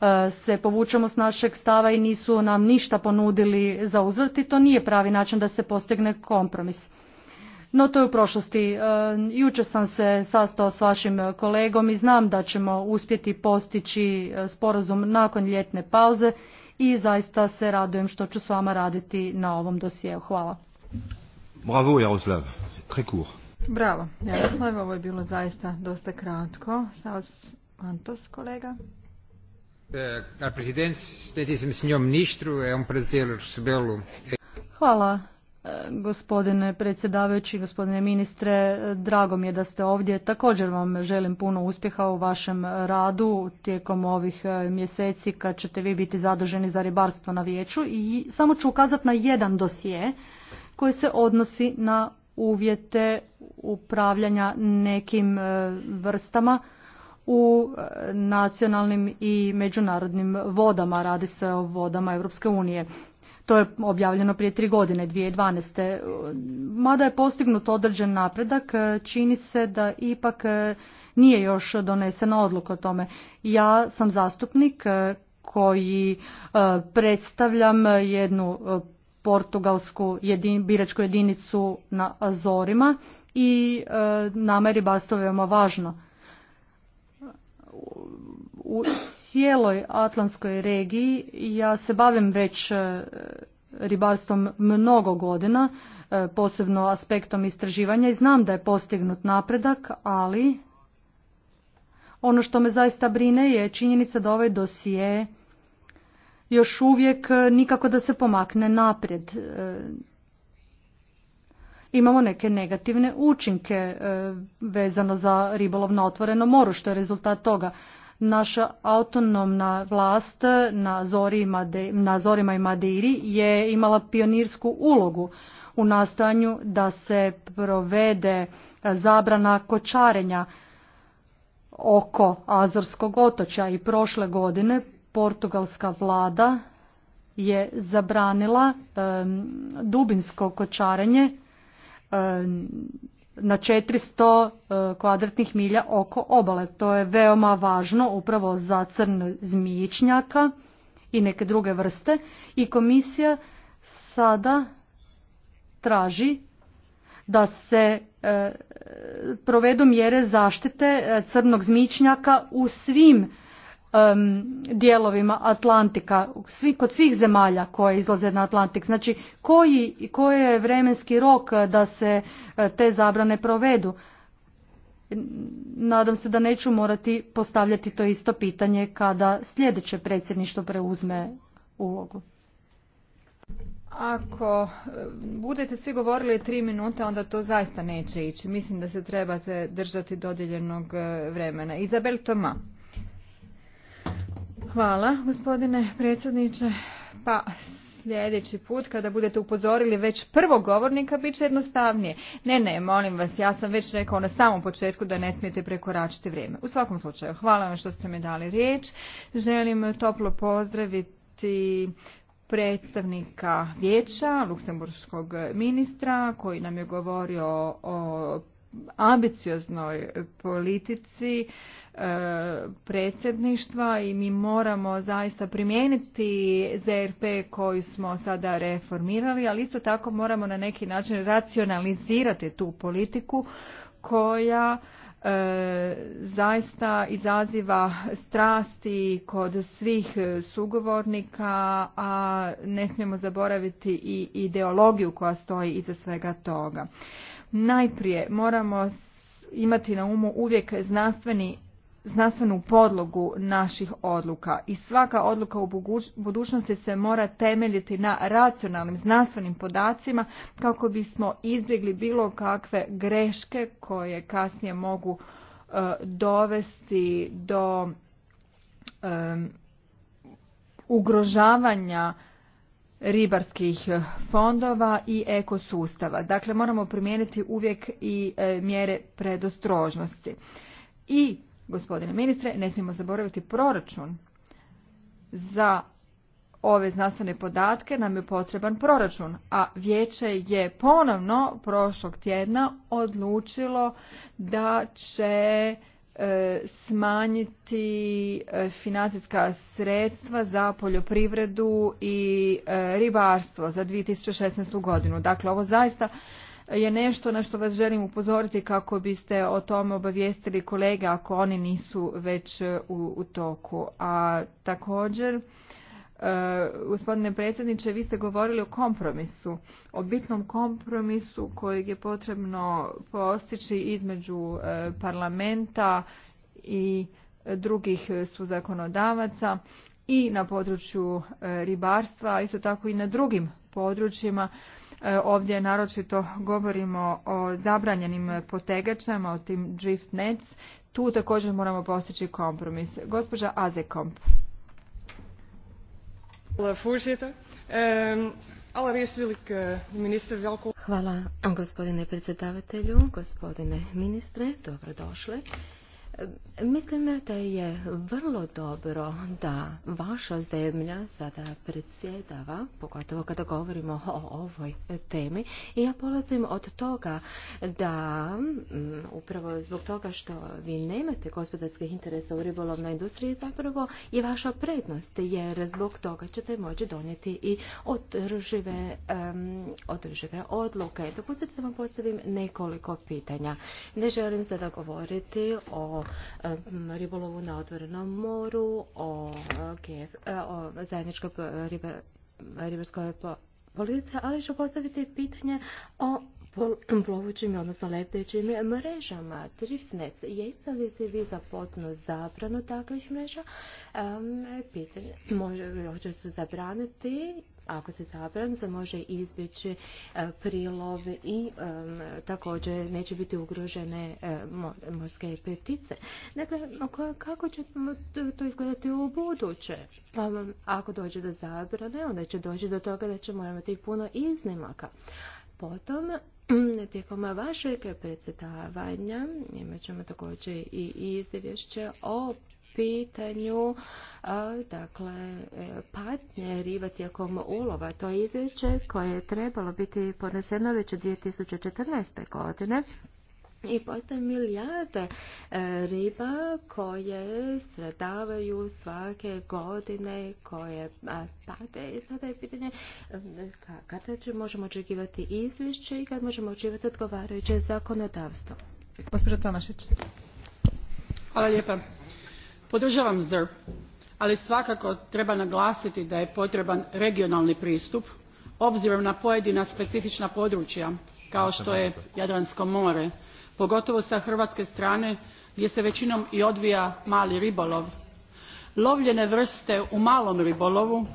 E, se povučemo s našeg stava i nisu nam ništa ponudili za to nije pravi način da se postigne kompromis. No to je u prošlosti. E, Juče sam se sastao s vašim kolegom i znam da ćemo uspjeti postići e, sporazum nakon ljetne pauze i zaista se radujem što ću s vama raditi na ovom dosijeu. Hvala. Bravo Jaroslav, Tre' court. Bravo Jaroslav, ovo je bilo zaista dosta kratko. Saos Antos kolega. Eh, Hvala eh, gospodine predsjedavajući, gospodine ministre. Eh, drago mi je da ste ovdje. Također vam želim puno uspjeha u vašem radu tijekom ovih mjeseci kad ćete vi biti zaduženi za ribarstvo na vijeću. I samo ću ukazati na jedan dosije koji se odnosi na uvjete upravljanja nekim vrstama u e, nacionalnim i međunarodnim vodama. Radi se o vodama Europske unije. To je objavljeno prije tri godine, 2012. Mada je postignut određen napredak, e, čini se da ipak e, nije još donesena odluka o tome. Ja sam zastupnik koji predstavljam jednu portugalsku biračku jedinicu na Azorima i nama je ribarstvo veoma važno u cijeloj Atlantskoj regiji ja se bavim već e, ribarstvom mnogo godina, e, posebno aspektom istraživanja i znam da je postignut napredak, ali ono što me zaista brine je činjenica da ovaj dosije još uvijek nikako da se pomakne naprijed. E, imamo neke negativne učinke e, vezano za ribolov na moru, što je rezultat toga. Naša autonomna vlast na Zorima, na Zorima i Madiri je imala pionirsku ulogu u nastojanju da se provede zabrana kočarenja oko Azorskog otoča i prošle godine portugalska vlada je zabranila dubinsko kočarenje E, na 400 e, kvadratnih milja oko obale. To je veoma važno upravo za crn zmičnjaka i neke druge vrste i komisija sada traži da se e, provedu mjere zaštite crnog zmičnjaka u svim um, dijelovima Atlantika, svi, kod svih zemalja koje izlaze na Atlantik. Znači, koji, koji je vremenski rok eh, da se eh, te zabrane provedu? Nadam se da neću morati postavljati to isto pitanje kada sljedeće predsjedništvo preuzme ulogu. Ako eh, budete svi govorili tri minute, onda to zaista neće ići. Mislim da se trebate držati dodijeljenog vremena. Izabel Toma. Hvala, gospodine predsjedniče. Pa, sljedeći put kada budete upozorili već prvog govornika bit će jednostavnije. Ne, ne, molim vas, ja sam već rekao na samom početku da ne smijete prekoračiti vrijeme. U svakom slučaju, hvala vam što ste mi dali riječ. Želim toplo pozdraviti predstavnika vijeća, luksemburškog ministra, koji nam je govorio o ambicioznoj politici E, predsjedništva i mi moramo zaista primijeniti ZRP koji smo sada reformirali, ali isto tako moramo na neki način racionalizirati tu politiku koja e, zaista izaziva strasti kod svih sugovornika, a ne smijemo zaboraviti i ideologiju koja stoji iza svega toga. Najprije moramo imati na umu uvijek znanstveni znanstvenu podlogu naših odluka i svaka odluka u budućnosti se mora temeljiti na racionalnim znanstvenim podacima kako bismo izbjegli bilo kakve greške koje kasnije mogu e, dovesti do ugrožavanja ribarskih fondova i ekosustava. Dakle, moramo primijeniti uvijek i e, mjere predostrožnosti. I Gospodine ministre, ne smijemo zaboraviti proračun. Za ove znanstvene podatke nam je potreban proračun, a vijeće je ponovno prošlog tjedna odlučilo da će e, smanjiti e, financijska sredstva za poljoprivredu i e, ribarstvo za 2016. godinu. Dakle, ovo zaista je nešto na što vas želim upozoriti kako biste o tome obavijestili kolege ako oni nisu već e, u, toku. A također, e, gospodine predsjedniče, vi ste govorili o kompromisu, o bitnom kompromisu kojeg je potrebno postići između e, parlamenta i drugih su zakonodavaca i na području ribarstva, a isto tako i na drugim područjima E, ovdje naročito govorimo o zabranjenim potegačama, o tim drift nets. Tu također moramo postići kompromis. Gospođa Azekomp. Hvala e, gospodine predsjedavatelju, gospodine ministre, dobrodošli. Mislim da je vrlo dobro da vaša zemlja sada predsjedava, pogotovo kada govorimo o ovoj temi. I ja polazim od toga da mm, upravo zbog toga što vi nemate gospodarskih interesa u ribolovnoj industriji zapravo je vaša prednost jer zbog toga ćete moći donijeti i održive, održive odluke. Dopustite da vam postavim nekoliko pitanja. Ne želim sada govoriti o o ribolovu na otvorenom moru, o, e, o zajedničkoj ribarskoj politici, ali ću postaviti pitanje o plovućim, odnosno letećim mrežama, Trifnec, Jeste li se vi zapotno zabranu takvih mreža? pitanje, može, hoće se zabraniti ako se se može izbjeći e, prilov i e, također neće biti ugrožene e, morske petice. Dakle, kako će to izgledati u buduće? Pa, ako dođe do zabrane, onda će doći do toga da ćemo imati puno iznimaka. Potom, [clears throat] tijekom vašeg predsjedavanja imat ćemo također i izvješće o pitanju e, dakle e, patnje riba tijekom ulova. To je izvješće koje je trebalo biti podneseno već 2014. godine. I postoje milijarde e, riba koje stradavaju svake godine, koje pade. I sada je pitanje kada će, možemo očekivati izvješće i kada možemo očekivati odgovarajuće zakonodavstvo. Hvala lijepa podržavam zerp ali svakako treba naglasiti da je potreban regionalni pristup obzirom na pojedina specifična područja kao što je jadransko more pogotovo sa hrvatske strane gdje se većinom i odvija mali ribolov. lovljene vrste u malom ribolovu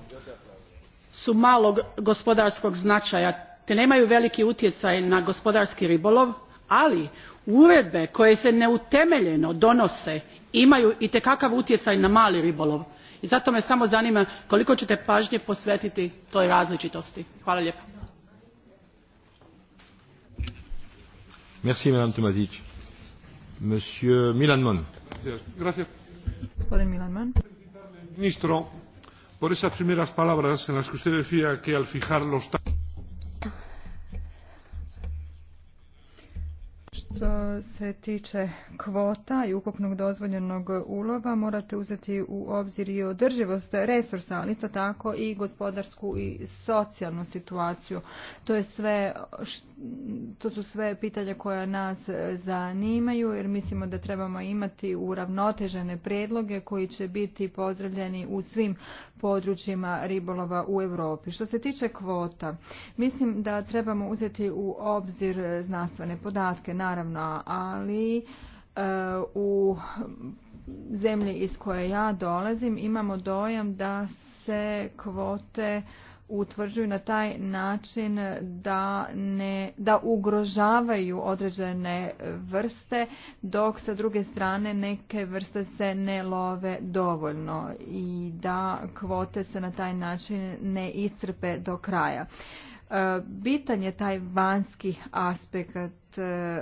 su malog gospodarskog značaja te nemaju veliki utjecaj na gospodarski ribolov ali uredbe koje se neutemeljeno donose imaju itekakav utjecaj na mali ribolov i zato me samo zanima koliko ćete pažnje posvetiti toj različitosti. hvala tiče kvota i ukupnog dozvoljenog ulova morate uzeti u obzir i održivost resursa, ali isto tako i gospodarsku i socijalnu situaciju. To, je sve, to su sve pitanja koja nas zanimaju jer mislimo da trebamo imati uravnotežene predloge koji će biti pozdravljeni u svim područjima ribolova u Europi. Što se tiče kvota, mislim da trebamo uzeti u obzir znanstvene podatke, naravno, ali E, u zemlji iz koje ja dolazim imamo dojam da se kvote utvrđuju na taj način da, ne, da ugrožavaju određene vrste, dok sa druge strane neke vrste se ne love dovoljno i da kvote se na taj način ne iscrpe do kraja. E, bitan je taj vanjski aspekt e,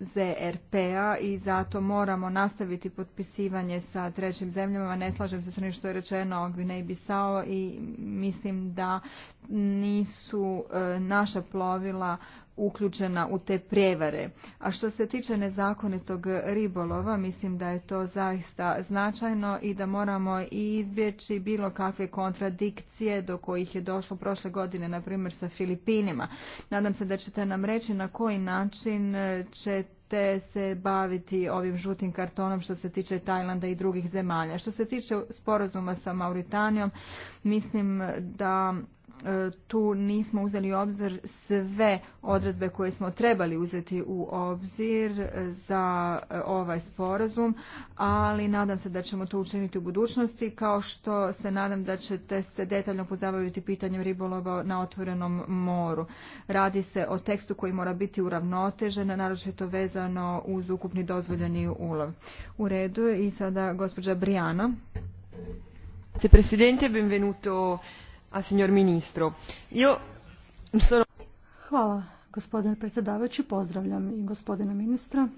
ZRP-a i zato moramo nastaviti potpisivanje sa trećim zemljama. Ne slažem se sa onim što je rečeno o Gvinej Bisao i mislim da nisu e, naša plovila uključena u te prijevare. A što se tiče nezakonitog ribolova, mislim da je to zaista značajno i da moramo i izbjeći bilo kakve kontradikcije do kojih je došlo prošle godine, na primjer sa Filipinima. Nadam se da ćete nam reći na koji način ćete se baviti ovim žutim kartonom što se tiče Tajlanda i drugih zemalja. Što se tiče sporazuma sa Mauritanijom, mislim da E, tu nismo uzeli u obzir sve odredbe koje smo trebali uzeti u obzir za e, ovaj sporazum, ali nadam se da ćemo to učiniti u budućnosti, kao što se nadam da ćete se detaljno pozabaviti pitanjem ribolova na otvorenom moru. Radi se o tekstu koji mora biti uravnotežen, naročito vezano uz ukupni dozvoljeni ulov. U redu i sada gospođa Brijana. Presidente, benvenuto a Hvala gospodine predsjedavajući, pozdravljam i gospodina ministra.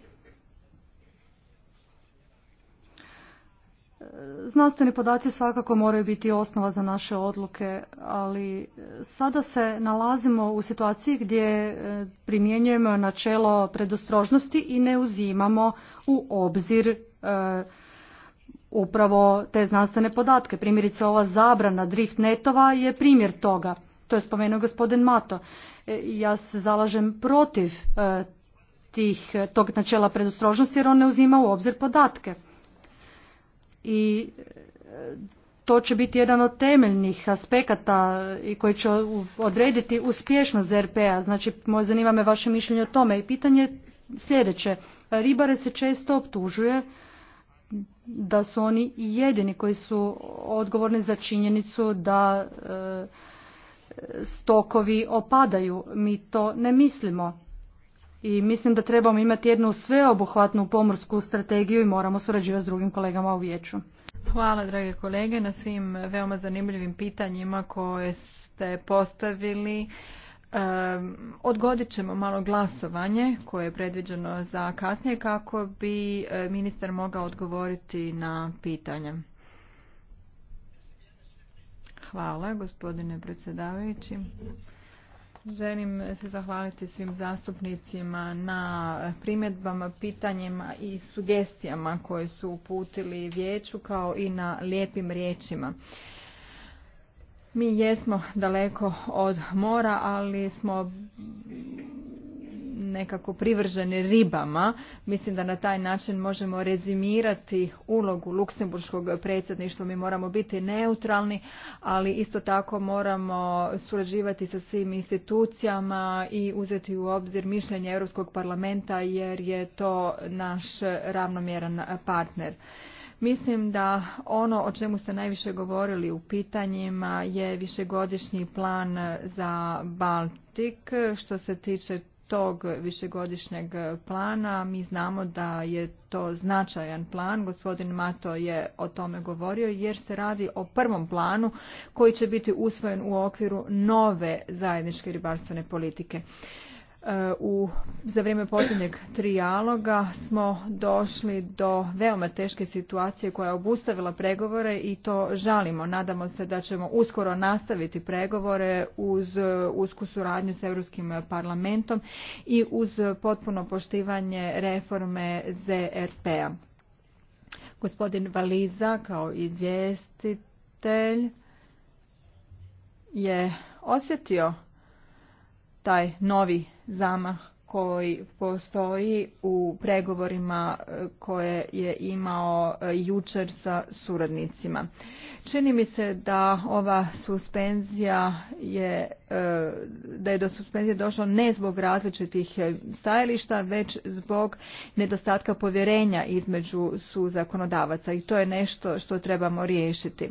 Znanstveni podaci svakako moraju biti osnova za naše odluke, ali sada se nalazimo u situaciji gdje e, primjenjujemo načelo predostrožnosti i ne uzimamo u obzir e, upravo te znanstvene podatke. Primjerice ova zabrana drift netova je primjer toga. To je spomenuo gospodin Mato. E, ja se zalažem protiv e, tih, tog načela predostrožnosti jer on ne uzima u obzir podatke. I e, to će biti jedan od temeljnih aspekata i koji će odrediti uspješnost ZRP-a. Znači, moj zanima me vaše mišljenje o tome. I pitanje sljedeće. Ribare se često optužuje da su oni jedini koji su odgovorni za činjenicu da e, stokovi opadaju. Mi to ne mislimo. I mislim da trebamo imati jednu sveobuhvatnu pomorsku strategiju i moramo surađivati s drugim kolegama u vijeću. Hvala drage kolege na svim veoma zanimljivim pitanjima koje ste postavili. Odgodit ćemo malo glasovanje koje je predviđeno za kasnije kako bi e, ministar mogao odgovoriti na pitanja. Hvala gospodine predsjedavajući. Želim se zahvaliti svim zastupnicima na primjedbama, pitanjima i sugestijama koje su uputili vijeću kao i na lijepim riječima. Mi jesmo daleko od mora, ali smo nekako privrženi ribama. Mislim da na taj način možemo rezimirati ulogu luksemburškog predsjedništva. Mi moramo biti neutralni, ali isto tako moramo surađivati sa svim institucijama i uzeti u obzir mišljenje Europskog parlamenta jer je to naš ravnomjeran partner. Mislim da ono o čemu ste najviše govorili u pitanjima je višegodišnji plan za Baltik. Što se tiče tog višegodišnjeg plana, mi znamo da je to značajan plan. Gospodin Mato je o tome govorio jer se radi o prvom planu koji će biti usvojen u okviru nove zajedničke ribarstvene politike u, za vrijeme posljednjeg trijaloga smo došli do veoma teške situacije koja je obustavila pregovore i to žalimo. Nadamo se da ćemo uskoro nastaviti pregovore uz usku suradnju s Europskim parlamentom i uz potpuno poštivanje reforme ZRP-a. Gospodin Valiza kao izvjestitelj je osjetio taj novi zamah koji postoji u pregovorima e, koje je imao e, jučer sa suradnicima. Čini mi se da ova suspenzija je, e, da je do suspenzije došlo ne zbog različitih stajališta, već zbog nedostatka povjerenja između su zakonodavaca i to je nešto što trebamo riješiti.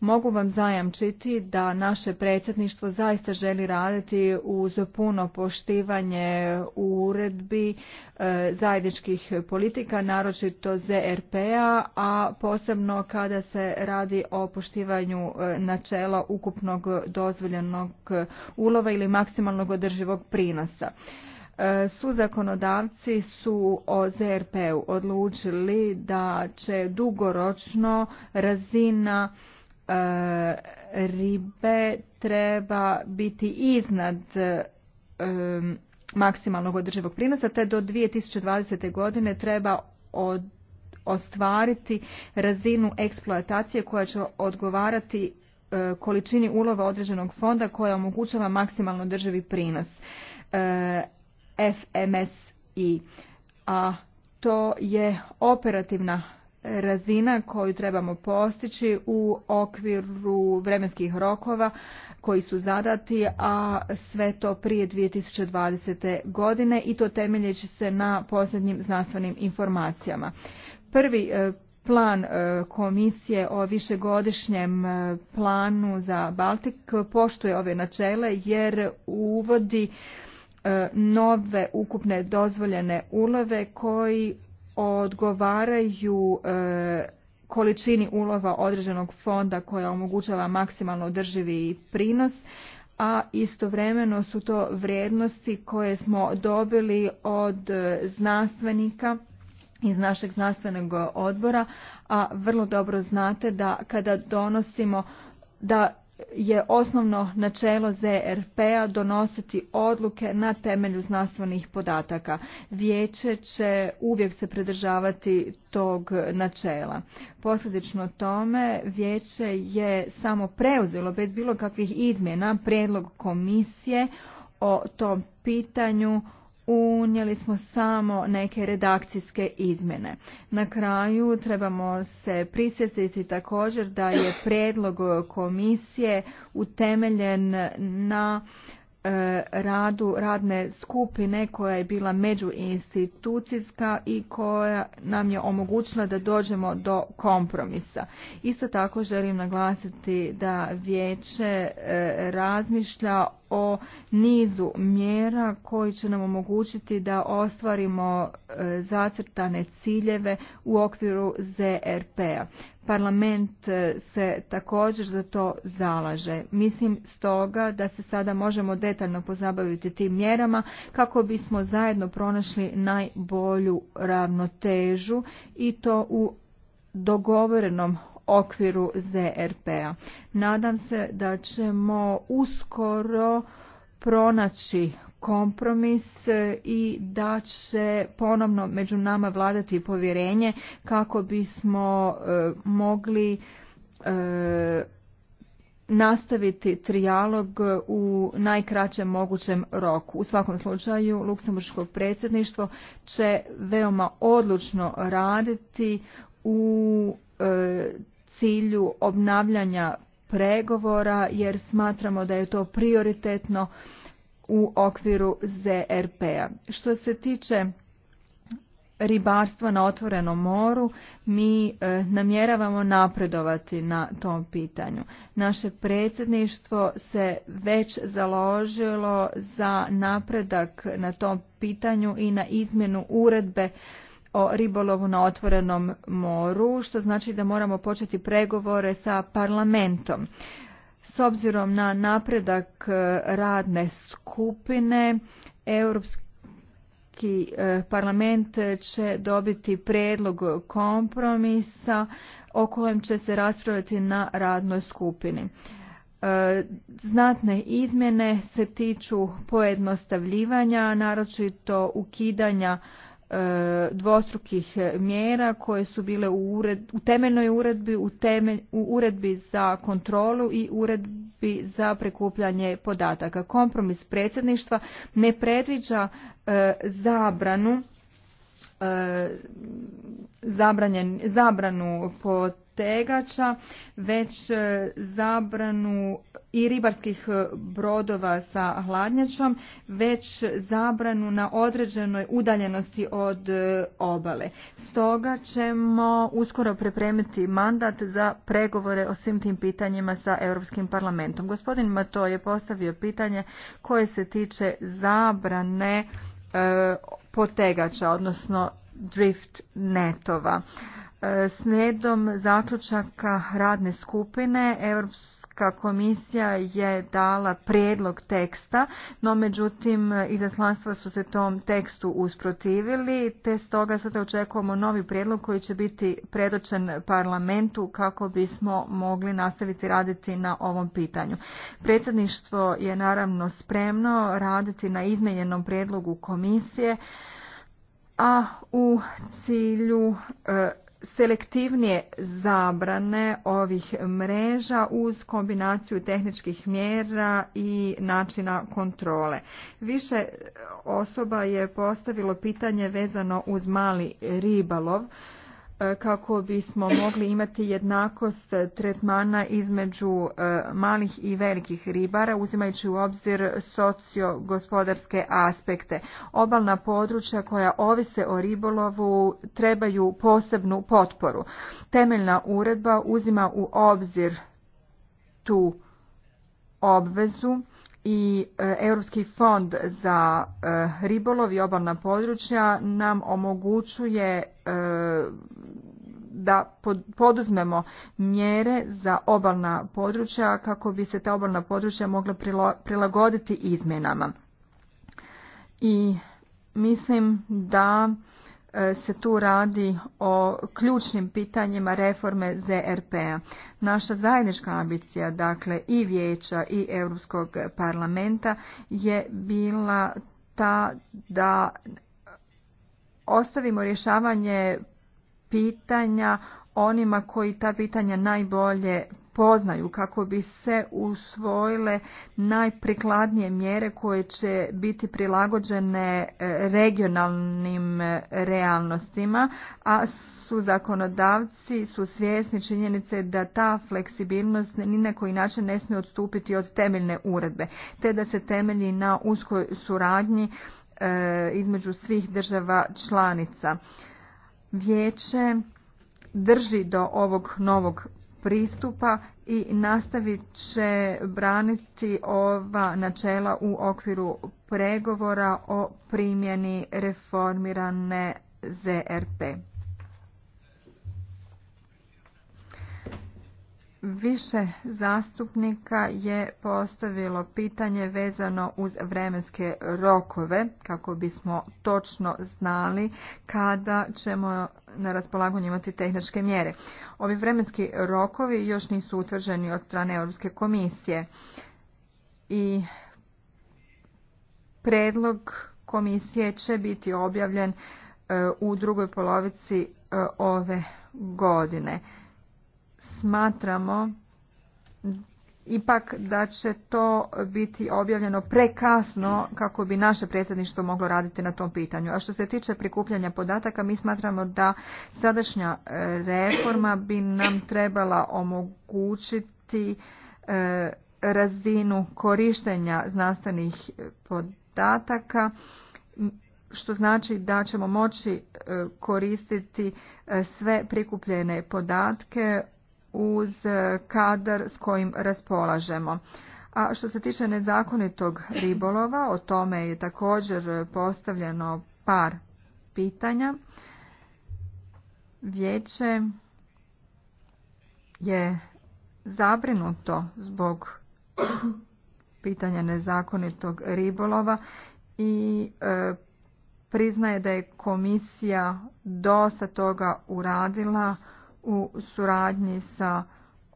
Mogu vam zajamčiti da naše predsjedništvo zaista želi raditi uz puno poštivanje uredbi e, zajedničkih politika, naročito ZRP-a, a posebno kada se radi o poštivanju e, načela ukupnog dozvoljenog e, ulova ili maksimalnog održivog prinosa. E, su zakonodavci su o ZRP-u odlučili da će dugoročno razina ribe treba biti iznad maksimalnog održivog prinosa, te do 2020. godine treba od ostvariti razinu eksploatacije koja će odgovarati e, količini ulova određenog fonda koja omogućava maksimalno državi prinos e, FMSI. A to je operativna razina koju trebamo postići u okviru vremenskih rokova koji su zadati, a sve to prije 2020. godine i to temeljeći se na posljednjim znanstvenim informacijama prvi e, plan e, komisije o višegodišnjem e, planu za Baltik poštuje ove načele jer uvodi nove ukupne dozvoljene ulove koji odgovaraju količini ulova određenog fonda koja omogućava maksimalno održivi prinos a istovremeno su to vrijednosti koje smo dobili od znanstvenika iz našeg znanstvenog odbora, a vrlo dobro znate da kada donosimo da je osnovno načelo ZRP-a donositi odluke na temelju znanstvenih podataka. Vijeće će uvijek se pridržavati tog načela. Posljedično tome vijeće je samo preuzelo bez bilo kakvih izmjena prijedlog komisije o tom pitanju unijeli smo samo neke redakcijske izmjene. Na kraju trebamo se prisjetiti također da je predlog komisije utemeljen na E, radu radne skupine koja je bila međuinstitucijska i koja nam je omogućila da dođemo do kompromisa. Isto tako želim naglasiti da vijeće e, razmišlja o nizu mjera koji će nam omogućiti da ostvarimo e, zacrtane ciljeve u okviru ZRP-a. Parlament e, se također za to zalaže. Mislim stoga da se sada možemo detaljno pozabaviti tim mjerama kako bismo zajedno pronašli najbolju ravnotežu i to u dogovorenom okviru ZRP-a. Nadam se da ćemo uskoro pronaći kompromis e, i da će ponovno među nama vladati povjerenje kako bismo e, mogli e, nastaviti trijalog u najkraćem mogućem roku. U svakom slučaju Luksemburško predsjedništvo će veoma odlučno raditi u cilju obnavljanja pregovora jer smatramo da je to prioritetno u okviru ZRP-a. Što se tiče ribarstva na otvorenom moru, mi e, namjeravamo napredovati na tom pitanju. Naše predsjedništvo se već založilo za napredak na tom pitanju i na izmjenu uredbe o ribolovu na otvorenom moru, što znači da moramo početi pregovore sa parlamentom. S obzirom na napredak e, radne skupine, Europski e, parlament će dobiti predlog kompromisa o kojem će se raspravljati na radnoj skupini. E, znatne izmjene se tiču pojednostavljivanja, naročito ukidanja E, dvostrukih mjera koje su bile u, ured, u temeljnoj uredbi, u, temelj, u uredbi za kontrolu i uredbi za prikupljanje podataka. Kompromis predsjedništva ne predviđa e, zabranu e, zabranjen, zabranu pod tegača, već e, zabranu i ribarskih e, brodova sa hladnjačom, već zabranu na određenoj udaljenosti od e, obale. Stoga ćemo uskoro pripremiti mandat za pregovore o svim tim pitanjima sa Europskim parlamentom. Gospodin Mato je postavio pitanje koje se tiče zabrane potegača, odnosno drift netova. E, Slijedom zaključaka radne skupine Europska komisija je dala prijedlog teksta, no međutim izaslanstva su se tom tekstu usprotivili, te stoga sada očekujemo novi prijedlog koji će biti predočen parlamentu kako bismo mogli nastaviti raditi na ovom pitanju. Predsjedništvo je naravno spremno raditi na izmijenjenom prijedlogu komisije, a u cilju e, selektivnije zabrane ovih mreža uz kombinaciju tehničkih mjera i načina kontrole. Više osoba je postavilo pitanje vezano uz mali ribalov E, kako bismo mogli imati jednakost tretmana između e, malih i velikih ribara uzimajući u obzir sociogospodarske aspekte. Obalna područja koja ovise o ribolovu trebaju posebnu potporu. Temeljna uredba uzima u obzir tu obvezu i e, Europski fond za e, ribolov i obalna područja nam omogućuje e, da poduzmemo mjere za obalna područja kako bi se ta obalna područja mogla prilagoditi izmjenama. I mislim da E, se tu radi o ključnim pitanjima reforme ZRP-a. Naša zajednička ambicija, dakle i vijeća i Europskog parlamenta je bila ta da ostavimo rješavanje pitanja onima koji ta pitanja najbolje poznaju kako bi se usvojile najprikladnije mjere koje će biti prilagođene e, regionalnim e, realnostima, a su zakonodavci su svjesni činjenice da ta fleksibilnost ni na koji način ne smije odstupiti od temeljne uredbe, te da se temelji na uskoj suradnji e, između svih država članica. Vijeće drži do ovog novog pristupa i nastavit će braniti ova načela u okviru pregovora o primjeni reformirane ZRP. Više zastupnika je postavilo pitanje vezano uz vremenske rokove kako bismo točno znali kada ćemo na raspolaganju imati tehničke mjere. Ovi vremenski rokovi još nisu utvrđeni od strane Europske komisije i predlog komisije će biti objavljen e, u drugoj polovici e, ove godine smatramo ipak da će to biti objavljeno prekasno kako bi naše predsjedništvo moglo raditi na tom pitanju. A što se tiče prikupljanja podataka, mi smatramo da sadašnja e, reforma bi nam trebala omogućiti e, razinu korištenja znanstvenih podataka što znači da ćemo moći e, koristiti sve prikupljene podatke uz kadar s kojim raspolažemo. A što se tiče nezakonitog ribolova, o tome je također postavljeno par pitanja. Vijeće je zabrinuto zbog pitanja nezakonitog ribolova i e, priznaje da je komisija dosta toga uradila u suradnji sa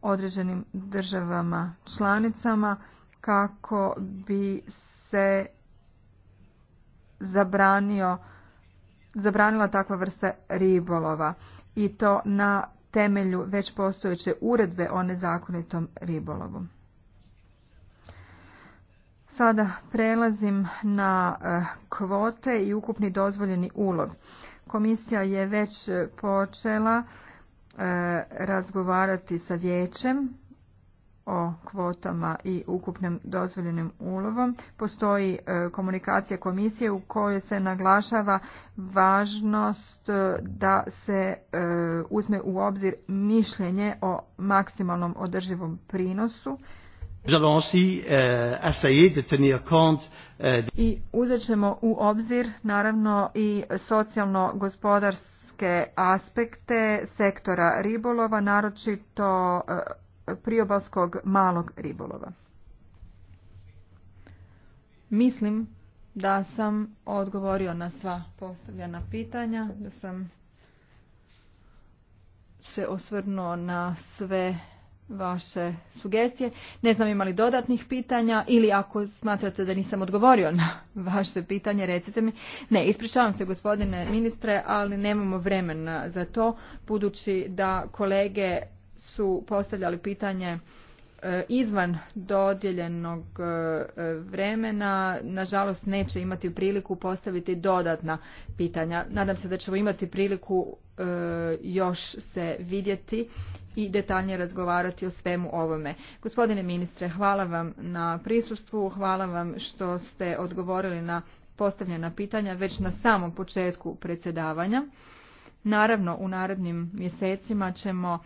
određenim državama članicama kako bi se zabranio, zabranila takva vrsta ribolova i to na temelju već postojeće uredbe o nezakonitom ribolovu. Sada prelazim na eh, kvote i ukupni dozvoljeni ulog. Komisija je već eh, počela E, razgovarati sa vijećem o kvotama i ukupnim dozvoljenim ulovom. Postoji e, komunikacija komisije u kojoj se naglašava važnost e, da se uzme u obzir mišljenje o maksimalnom održivom prinosu Euh, euh, I uzet ćemo u obzir naravno i socijalno-gospodarske aspekte sektora ribolova, naročito e, priobalskog malog ribolova. Mislim da sam odgovorio na sva postavljena pitanja, da sam se osvrnuo na sve vaše sugestije. Ne znam imali dodatnih pitanja ili ako smatrate da nisam odgovorio na [laughs] vaše pitanje, recite mi. Ne, ispričavam se gospodine ministre, ali nemamo vremena za to, budući da kolege su postavljali pitanje e, izvan dodjeljenog e, vremena nažalost neće imati priliku postaviti dodatna pitanja. Nadam se da ćemo imati priliku E, još se vidjeti i detaljnije razgovarati o svemu ovome. Gospodine ministre, hvala vam na prisustvu, hvala vam što ste odgovorili na postavljena pitanja već na samom početku predsjedavanja. Naravno, u narednim mjesecima ćemo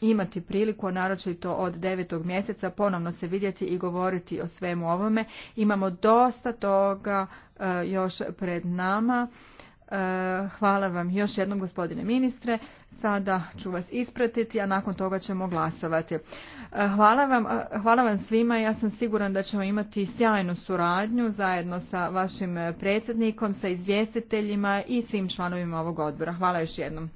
imati priliku, naročito od devetog mjeseca, ponovno se vidjeti i govoriti o svemu ovome. Imamo dosta toga e, još pred nama. E, hvala vam još jednom gospodine ministre. Sada ću vas ispratiti, a nakon toga ćemo glasovati. E, hvala vam, e, hvala vam svima. Ja sam siguran da ćemo imati sjajnu suradnju zajedno sa vašim predsjednikom, sa izvjestiteljima i svim članovima ovog odbora. Hvala još jednom.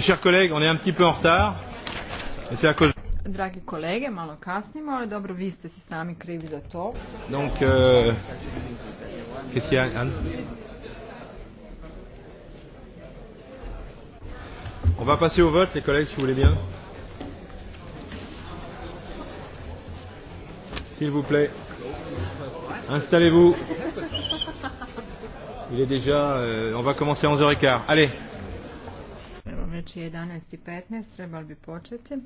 chers collègues, on est un petit peu en retard. C'est à Dragi kolege, malo kasnimo, ali dobro, vi ste se sami krivi za to. Donc, euh, On va passer au vote, les collègues, si vous voulez bien. S'il vous plaît. Installez-vous. Il est déjà... Euh, on va commencer à 11h15. Allez Znači je 11.15, trebali bi početi. Je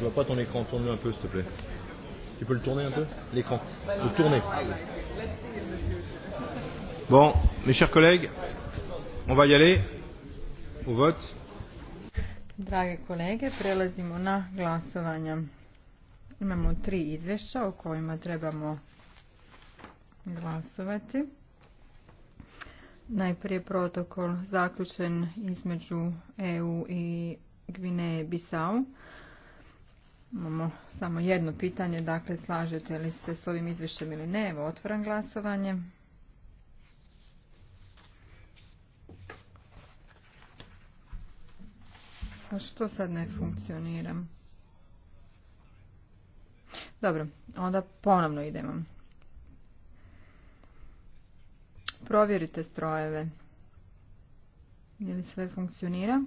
vois pas ton écran, tourne-le un peu s'il te plaît. Tu peux le tourner un peu L'écran. Le tourner. Bon, mes chers collègues, on va y aller au vote. Drage kolege, prelazimo na glasovanje. Imamo tri izvješća o kojima trebamo glasovati. Najprije protokol zaključen između EU i Gvineje Bisau. Imamo samo jedno pitanje, dakle slažete li se s ovim izvješćem ili ne. Evo, otvoram glasovanje. A što sad ne funkcioniram? Dobro, onda ponovno idemo. Provjerite strojeve. Je li sve funkcionira?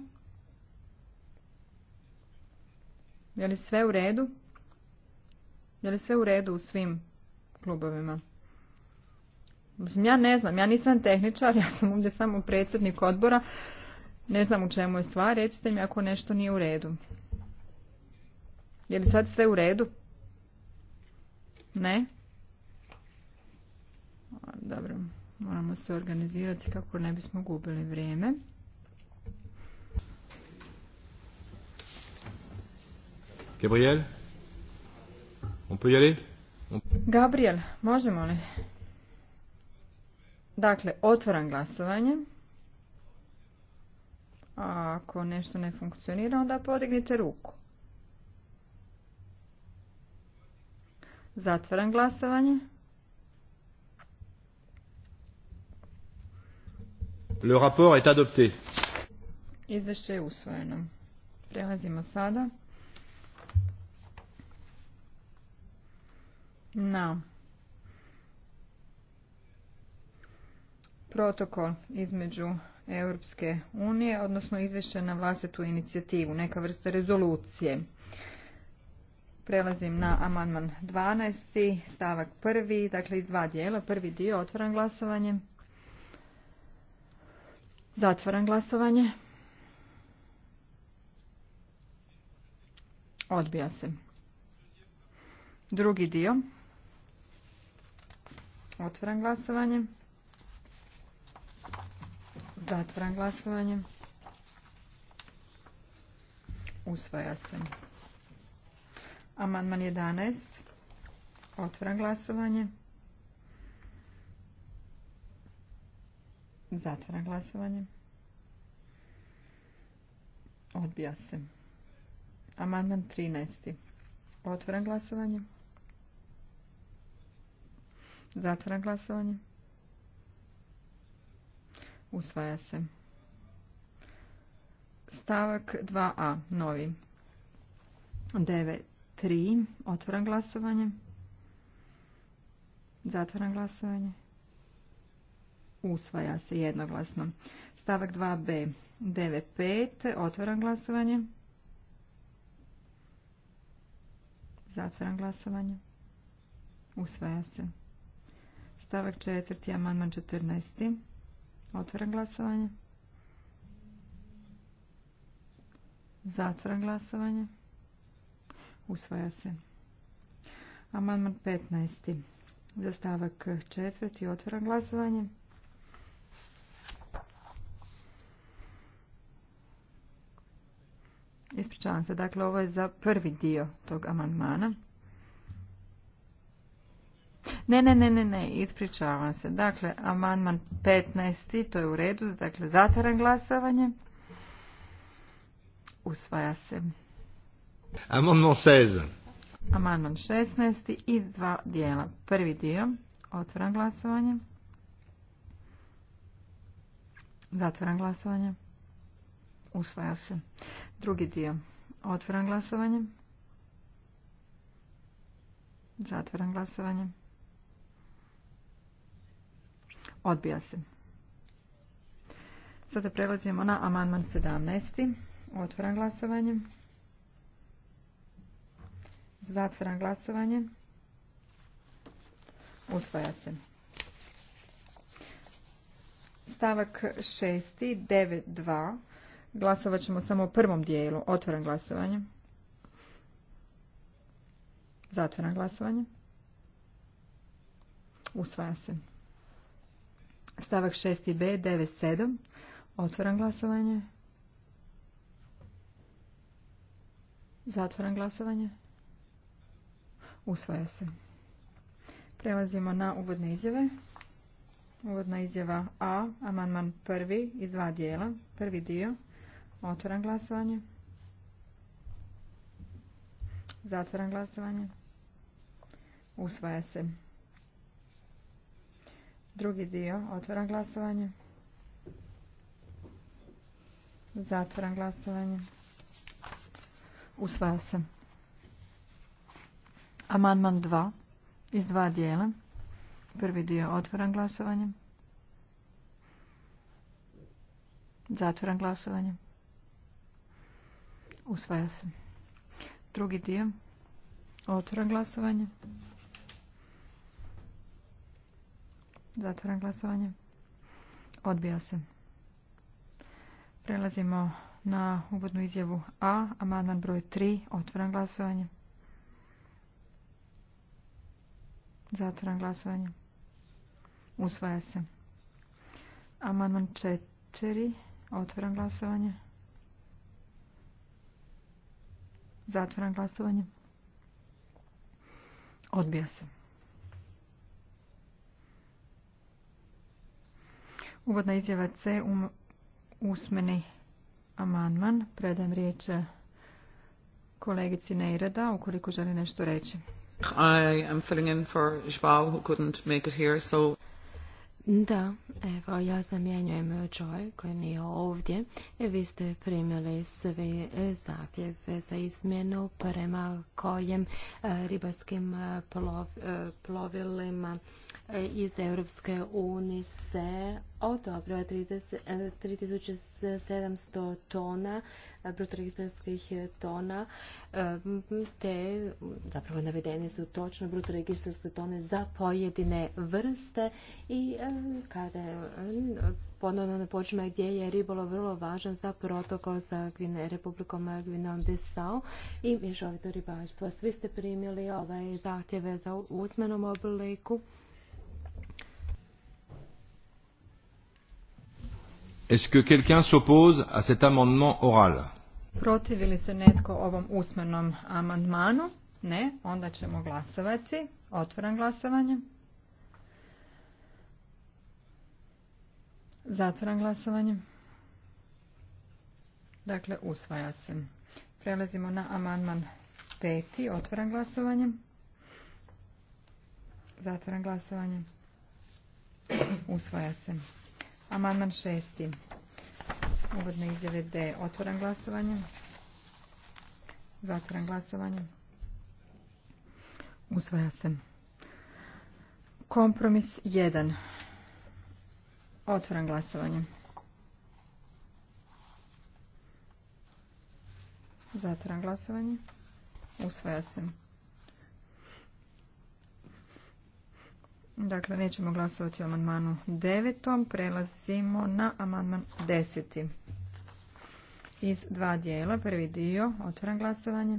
Je li sve u redu? Je li sve u redu u svim klubovima? Ja ne znam, ja nisam tehničar, ja sam ovdje samo predsjednik odbora. Ne znam u čemu je stvar, recite mi ako nešto nije u redu. Je li sad sve u redu? Ne? Dobro, moramo se organizirati kako ne bismo gubili vrijeme. Gabriel? On peut y aller? Gabriel, možemo li? Dakle, otvaram glasovanje ako nešto ne funkcionira, onda podignite ruku. Zatvaram glasovanje. Le rapport est adopté. Izvješće je usvojeno. Prelazimo sada na protokol između Europske unije, odnosno izvješće na vlastitu inicijativu, neka vrsta rezolucije. Prelazim na amandman 12. stavak 1. Dakle, iz dva dijela. Prvi dio otvoran glasovanje. Zatvoran glasovanje. Odbija se. Drugi dio. Otvoran glasovanje. Zatvaram glasovanje. Usvaja se. Amandman 11. otvoram glasovanje. Zatvaram glasovanje. Odbija se. Amandman 13. Otvaram glasovanje. Zatvaram glasovanje. Usvaja se. Stavak 2a, novi. 9.3. Otvoram glasovanje. Zatvoram glasovanje. Usvaja se jednoglasno. Stavak 2b. 9.5. Otvoram glasovanje. Zatvoram glasovanje. Usvaja se. Stavak 4. Amandman 14. Otvaram glasovanje. Zatvaram glasovanje. Usvaja se. Amandman 15. Za stavak 4. Otvaram glasovanje. Ispričavam se. Dakle, ovo je za prvi dio tog amandmana. Ne, ne, ne, ne, ne, ispričavam se. Dakle, amandman 15. To je u redu. Dakle, zatvaram glasovanje. Usvaja se. Amandman 16. Amandman 16. Iz dva dijela. Prvi dio. Otvaram glasovanje. Zatvaram glasovanje. Usvaja se. Drugi dio. Otvaram glasovanje. Zatvaram glasovanje. Odbija se. Sada prelazimo na amandman 17. Otvaram glasovanje. Zatvaram glasovanje. Usvaja se. Stavak 6. 9.2. Glasovat ćemo samo u prvom dijelu. Otvaram glasovanje. Zatvaram glasovanje. Usvaja se. Stavak 6b, 97. Otvoram glasovanje. Zatvoran glasovanje. Usvaja se. Prelazimo na uvodne izjave. Uvodna izjava A, amandman prvi iz dva dijela. Prvi dio. Otvoram glasovanje. Zatvoram glasovanje. Usvaja se. Drugi dio. Otvaram glasovanje. Zatvaram glasovanje. Usvaja se. Amandman 2 iz dva dijela. Prvi dio otvoram glasovanje. Zatvaram glasovanje. Usvaja se. Drugi dio. Otvaram glasovanje. Zatvoram glasovanje. Odbija se. Prelazimo na uvodnu izjavu A, amandman broj 3, otvoram glasovanje. Zatvoram glasovanje. Usvaja se. Amandman 4, otvoram glasovanje. Zatvoram glasovanje. Odbija se. Uvodna izjava C, um, usmeni amandman. Predam riječ kolegici Neireda, ukoliko želi nešto reći. I am filling in for Joao, who couldn't make it here, so... Da, evo, ja zamjenjujem Joy koji nije ovdje. E, vi ste primili sve zahtjeve za izmjenu prema kojem e, ribarskim e, plov, plovilima iz Europske unije se odobrio 3700 tona brutoregistarskih eh, tona eh, te zapravo navedene su točno brutoregistarske tone za pojedine vrste i eh, kada je ponovno počne gdje je ribolov vrlo važan za protokol sa Republikom Gvinom Bissau i mješovito ribarstvo. Svi ste primili ove zahtjeve za usmenom obliku. Est-ce que quelqu'un s'oppose à cet amendement Protivi li se netko ovom usmenom amandmanu? Ne, onda ćemo glasovati. Otvaram glasovanje. Zatvaram glasovanje. Dakle, usvaja se. Prelazimo na amandman peti. Otvaram glasovanje. Zatvaram glasovanje. Usvaja se. Amandman šesti. Uvodne izjave D. Otvoram glasovanje. Zatvoram glasovanje. Usvaja se. Kompromis jedan, Otvoram glasovanje. Zatvoram glasovanje. Usvaja se. Dakle, nećemo glasovati o amandmanu devetom. Prelazimo na amandman deseti. Iz dva dijela. Prvi dio. Otvoram glasovanje.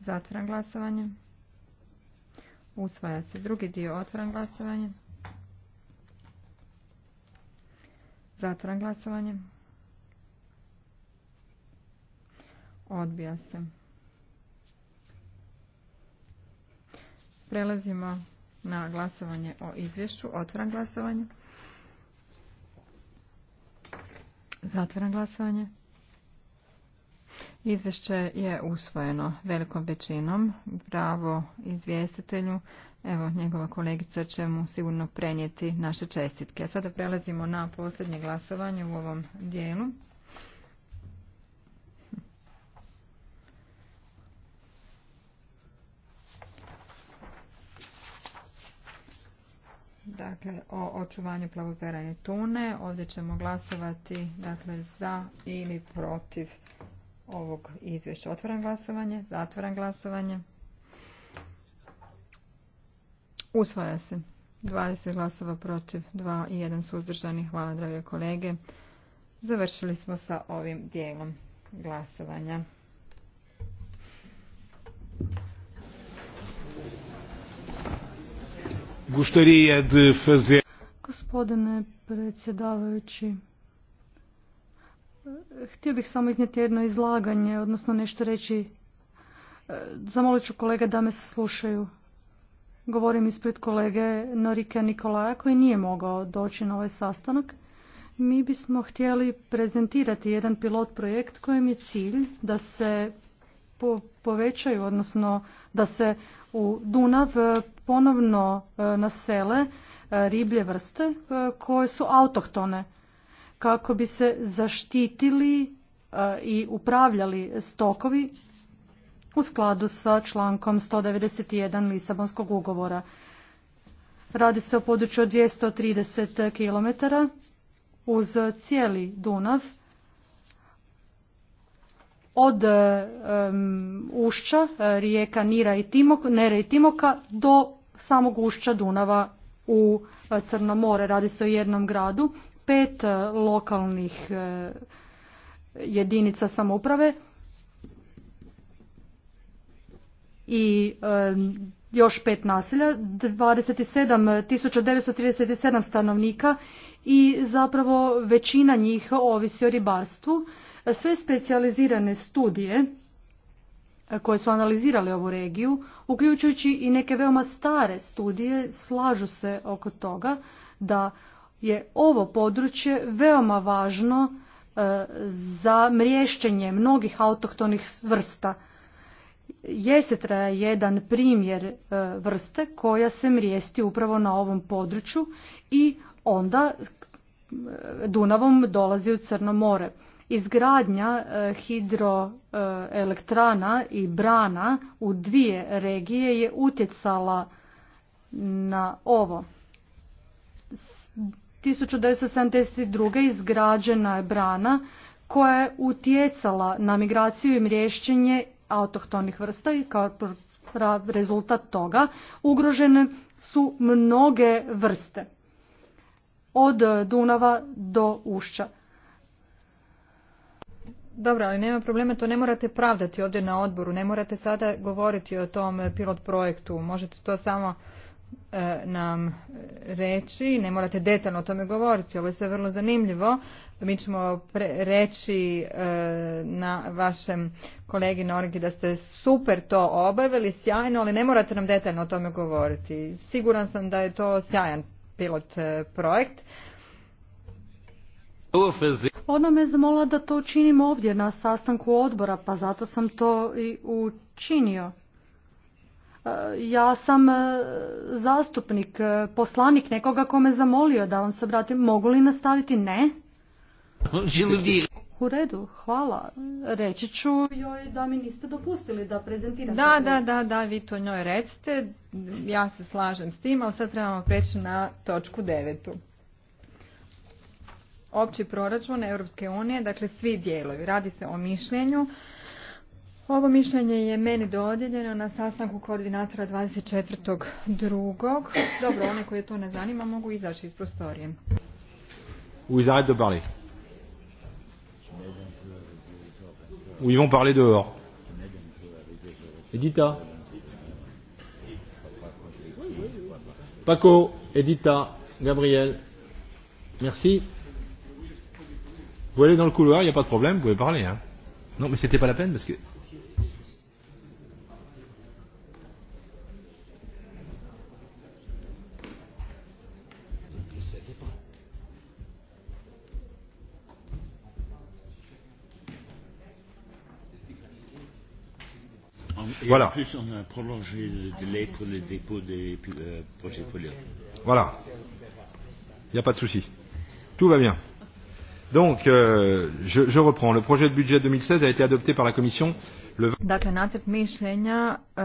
Zatvoram glasovanje. Usvaja se drugi dio. Otvoram glasovanje. Zatvoram glasovanje. Odbija se. Prelazimo na glasovanje o izvješću. Otvaram glasovanje. Zatvaram glasovanje. Izvješće je usvojeno velikom većinom. Bravo izvjestitelju. Evo, njegova kolegica će mu sigurno prenijeti naše čestitke. Sada prelazimo na posljednje glasovanje u ovom dijelu. Dakle, o očuvanju plavoperajne tune. Ovdje ćemo glasovati dakle, za ili protiv ovog izvješća. Otvaram glasovanje, zatvaram glasovanje. Usvaja se. 20 glasova protiv, 2 i 1 suzdržani. Hvala, drage kolege. Završili smo sa ovim dijelom glasovanja. Gostaria de fazer... Gospodine predsjedavajući, htio bih samo iznijeti jedno izlaganje, odnosno nešto reći. Zamolit ću kolega da me slušaju. Govorim ispred kolege Norike Nikolaja koji nije mogao doći na ovaj sastanak. Mi bismo htjeli prezentirati jedan pilot projekt kojem je cilj da se povećaju, odnosno da se u Dunav e, ponovno e, nasele e, riblje vrste koje su autohtone kako bi se zaštitili i upravljali stokovi u skladu sa člankom 191 Lisabonskog ugovora. Radi se o području od 230 km uz cijeli Dunav od e, ušća e, rijeka Nira i Timok, Nere i Timoka do samog ušća Dunava u e, Crno more. Radi se o jednom gradu, pet lokalnih jedinica samouprave i još pet naselja, 27.937 stanovnika i zapravo većina njih ovisi o ribarstvu. Sve specijalizirane studije koje su analizirale ovu regiju, uključujući i neke veoma stare studije, slažu se oko toga da je ovo područje veoma važno e, za mriješćenje mnogih autohtonih vrsta. Jesetra je jedan primjer e, vrste koja se mrijesti upravo na ovom području i onda e, Dunavom dolazi u Crno more izgradnja e, hidroelektrana i brana u dvije regije je utjecala na ovo. 1972. izgrađena je brana koja je utjecala na migraciju i mriješćenje autohtonih vrsta i kao rezultat toga ugrožene su mnoge vrste od Dunava do Ušća. Dobro, ali nema problema, to ne morate pravdati ovdje na odboru, ne morate sada govoriti o tom eh, pilot projektu, možete to samo eh, nam reći, ne morate detaljno o tome govoriti, ovo je sve vrlo zanimljivo, mi ćemo pre reći eh, na vašem kolegi Norgi da ste super to obavili, sjajno, ali ne morate nam detaljno o tome govoriti. Siguran sam da je to sjajan pilot projekt, ona me zamola da to učinim ovdje na sastanku odbora, pa zato sam to i učinio. E, ja sam e, zastupnik, e, poslanik nekoga me zamolio da on se obratim. Mogu li nastaviti? Ne. U redu, hvala. Reći ću joj da mi niste dopustili da prezentiram. Da, da, da, da, vi to njoj recite. Ja se slažem s tim, ali sad trebamo preći na točku devetu opći proračun Europske unije, dakle svi dijelovi. Radi se o mišljenju. Ovo mišljenje je meni dodijeljeno na sastanku koordinatora 24.2. Dobro, one koje to ne zanima mogu izaći iz prostorije. Où ils arrêtent de parler. parler dehors. Edita. Paco, Edita, Gabriel. Merci. Vous allez dans le couloir, il n'y a pas de problème, vous pouvez parler. Hein. Non, mais c'était pas la peine parce que. Et voilà. En plus, on a prolongé le délai pour le dépôt des euh, projets folio. Voilà. Il n'y a pas de souci. Tout va bien. Donc, euh, je, je reprends. Le projet de budget 2016 a été adopté par la Commission Dakle, nacrt mišljenja e,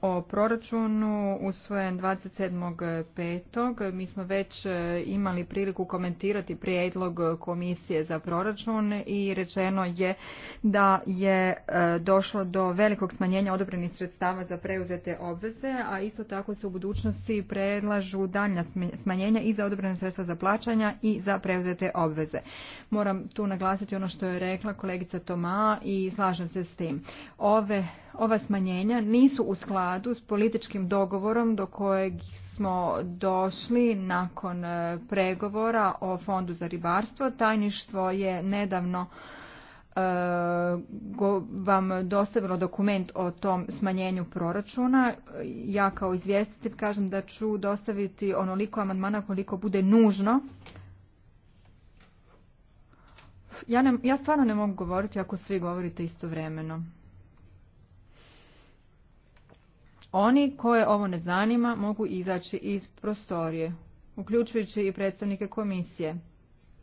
o proračunu usvojen 27.5. Mi smo već e, imali priliku komentirati prijedlog komisije za proračun i rečeno je da je e, došlo do velikog smanjenja odobrenih sredstava za preuzete obveze, a isto tako se u budućnosti predlažu daljnja smanjenja i za odobrene sredstva za plaćanja i za preuzete obveze. Moram tu naglasiti ono što je rekla kolegica Toma i slažem se s tim ove ova smanjenja nisu u skladu s političkim dogovorom do kojeg smo došli nakon e, pregovora o fondu za ribarstvo tajništvo je nedavno e, vam dostavilo dokument o tom smanjenju proračuna. Ja kao izvjestitelj kažem da ću dostaviti onoliko amandmana koliko bude nužno. Ja, ne, ja stvarno ne mogu govoriti ako svi govorite istovremeno. Oni koje ovo ne zanima mogu izaći iz prostorije, uključujući i predstavnike komisije.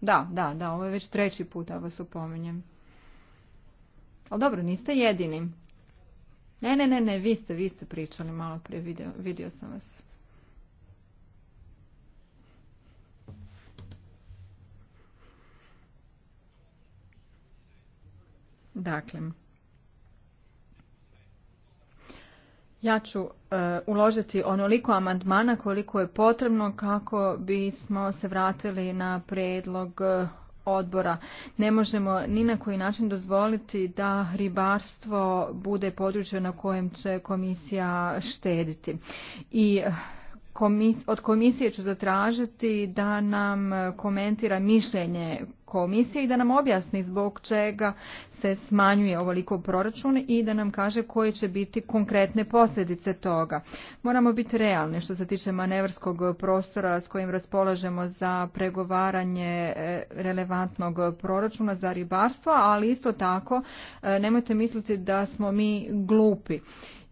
Da, da, da, ovo je već treći put, a vas upominjem. Ali dobro, niste jedini. Ne, ne, ne, ne, vi ste, vi ste pričali malo prije, vidio, vidio sam vas. Dakle, Ja ću e, uložiti onoliko amandmana koliko je potrebno kako bismo se vratili na predlog e, odbora. Ne možemo ni na koji način dozvoliti da ribarstvo bude područje na kojem će komisija štediti. I e, komis, od komisije ću zatražiti da nam komentira mišljenje komisije i da nam objasni zbog čega se smanjuje ovoliko proračun i da nam kaže koje će biti konkretne posljedice toga. Moramo biti realni što se tiče manevrskog prostora s kojim raspolažemo za pregovaranje e, relevantnog proračuna za ribarstvo, ali isto tako e, nemojte misliti da smo mi glupi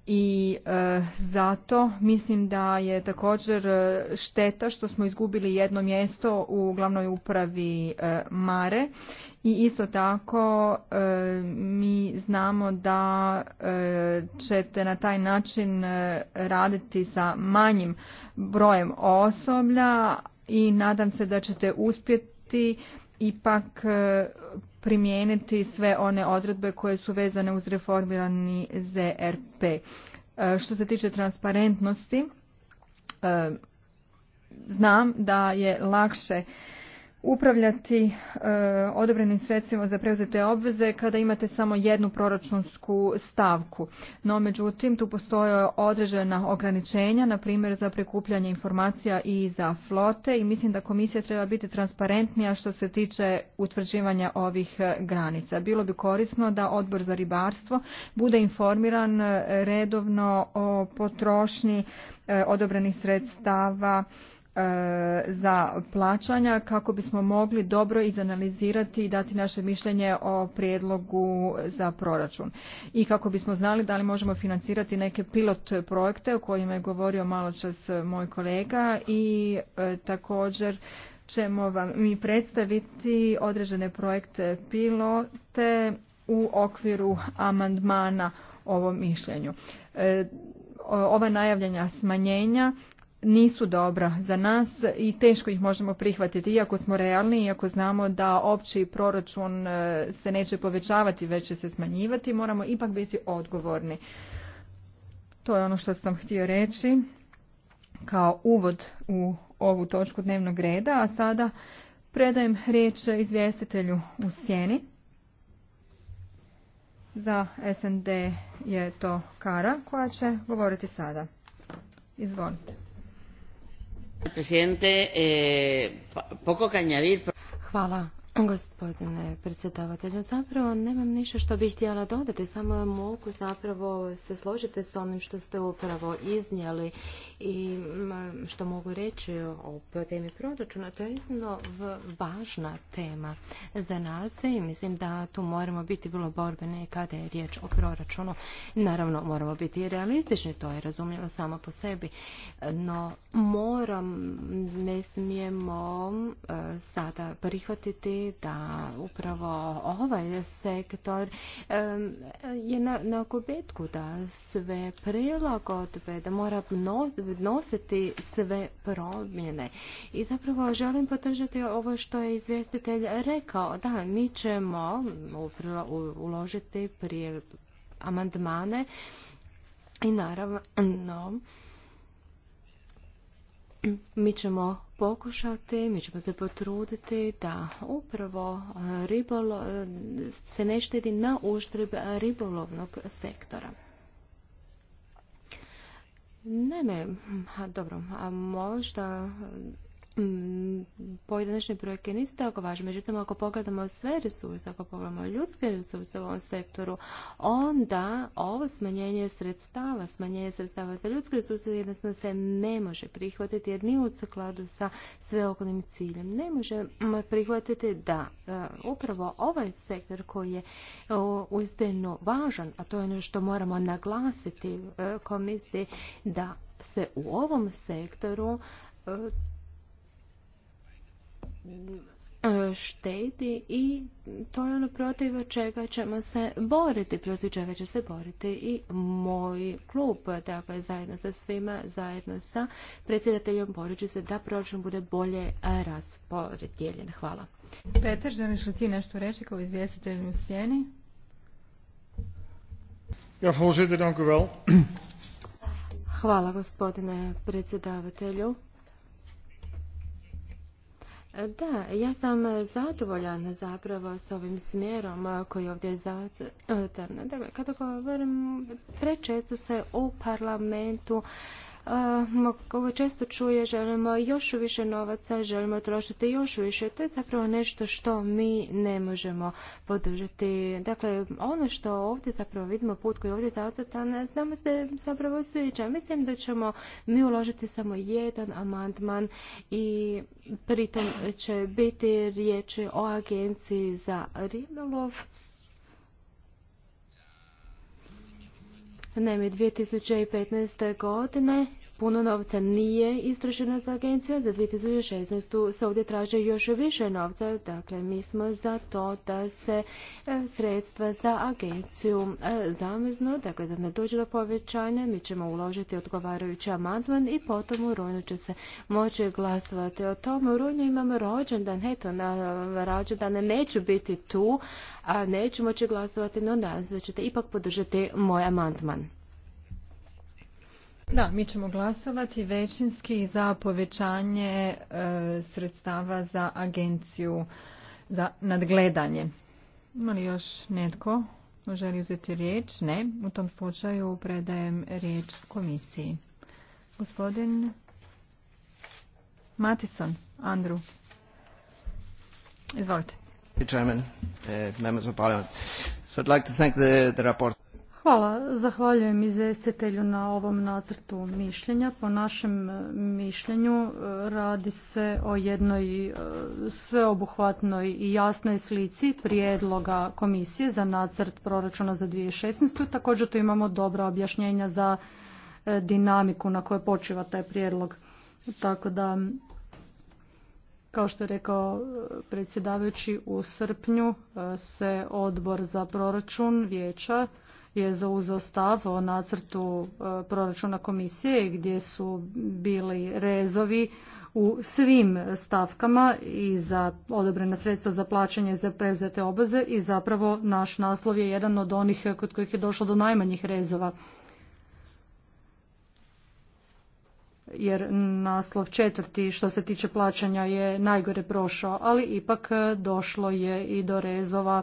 i e, zato mislim da je također e, šteta što smo izgubili jedno mjesto u glavnoj upravi e, Mare i isto tako mi znamo da ćete na taj način raditi sa manjim brojem osoblja i nadam se da ćete uspjeti ipak primijeniti sve one odredbe koje su vezane uz reformirani ZRP. E, što se tiče transparentnosti, e, znam da je lakše upravljati e, odobrenim sredstvima za preuzete obveze kada imate samo jednu proračunsku stavku. No, međutim, tu postoje određena ograničenja, na primjer za prikupljanje informacija i za flote i mislim da komisija treba biti transparentnija što se tiče utvrđivanja ovih e, granica. Bilo bi korisno da odbor za ribarstvo bude informiran e, redovno o potrošnji odobrenih sredstava E, za plaćanja kako bismo mogli dobro izanalizirati i dati naše mišljenje o prijedlogu za proračun i kako bismo znali da li možemo financirati neke pilot projekte o kojima je govorio malo čas moj kolega i e, također ćemo vam mi predstaviti određene projekte pilote u okviru amandmana ovom mišljenju. E, ova najavljena smanjenja nisu dobra za nas i teško ih možemo prihvatiti iako smo realni iako znamo da opći proračun e, se neće povećavati već će se smanjivati moramo ipak biti odgovorni to je ono što sam htio reći kao uvod u ovu točku dnevnog reda a sada predajem riječ izvjestitelju u sjeni za SND je to Kara koja će govoriti sada izvolite Eh, Hvala Gospodine predsjedavatelju, zapravo nemam ništa što bih htjela dodati, samo mogu zapravo se složiti s onim što ste upravo iznijeli i što mogu reći o temi proračuna. To je iznimno važna tema za nas i mislim da tu moramo biti vrlo borbeni kada je riječ o proračunu. Naravno, moramo biti i realistični, to je razumljivo samo po sebi, no moram, ne smijemo e, sada prihvatiti da upravo ovaj sektor je na, na gubitku da sve prilagodbe, da mora nositi sve promjene. I zapravo želim potržati ovo što je izvjestitelj rekao. Da, mi ćemo uložiti prije amandmane i naravno mi ćemo pokušati, mi ćemo se potruditi da upravo e, ribolo, e, se ne štedi na uštrb ribolovnog sektora. ne. dobro, a možda Mm, pojedinačni projekte nisu tako važni. Međutim, ako pogledamo sve resurse, ako pogledamo ljudske resurse u ovom sektoru, onda ovo smanjenje sredstava, smanjenje sredstava za ljudske resurse jednostavno se ne može prihvatiti jer nije u skladu sa sveokolnim ciljem. Ne može prihvatiti da e, upravo ovaj sektor koji je e, uzdeno važan, a to je ono što moramo naglasiti e, komisiji, da se u ovom sektoru štedi i to je ono protiv čega ćemo se boriti, protiv čega će se boriti i moj klub. Dakle, zajedno sa svima, zajedno sa predsjedateljom borit se da proračun bude bolje rasporedjeljen. Hvala. Petar, želiš li ti nešto reći kao izvjestitelj u sjeni? Ja, voorzitter, wel. Hvala gospodine predsjedavatelju. Da, ja sam zadovoljan zapravo s ovim smjerom koji ovdje je zacrtan. Dakle, kada govorim, prečesto se u parlamentu koje ehm, često čuje želimo još više novaca, želimo trošiti još više. To je zapravo nešto što mi ne možemo podržati. Dakle, ono što ovdje zapravo vidimo put koji je ovdje zacrtan, znamo se zapravo sviđa. Mislim da ćemo mi uložiti samo jedan amandman i pritom će biti riječ o agenciji za ribolov Naime, 2015. godine puno novca nije istrošeno za agenciju, za 2016. se ovdje traže još više novca, dakle mi smo za to da se e, sredstva za agenciju e, zamiznu, dakle da ne dođe do povećanja, mi ćemo uložiti odgovarajući amandman i potom u rujnu će se moći glasovati o tome. U rujnu imamo rođendan, eto na rođendan neću biti tu, a neću moći glasovati, no nadam da ćete ipak podržati moj amandman. Da, mi ćemo glasovati većinski za povećanje e, sredstava za agenciju za nadgledanje. Ima li još netko Može želi uzeti riječ? Ne. U tom slučaju predajem riječ komisiji. Gospodin Matison, Andru. Izvolite. Chairman, eh, members of Parliament. So I'd Hvala. Zahvaljujem izvestitelju na ovom nacrtu mišljenja. Po našem e, mišljenju e, radi se o jednoj e, sveobuhvatnoj i jasnoj slici prijedloga komisije za nacrt proračuna za 2016. Također tu imamo dobra objašnjenja za dinamiku na kojoj počiva taj prijedlog. Tako da, kao što je rekao predsjedavajući, u srpnju se odbor za proračun vijeća je zauzeo stav o nacrtu e, proračuna komisije gdje su bili rezovi u svim stavkama i za odobrena sredstva za plaćanje za preuzete obaze i zapravo naš naslov je jedan od onih kod kojih je došlo do najmanjih rezova. jer naslov četvrti što se tiče plaćanja je najgore prošao, ali ipak došlo je i do rezova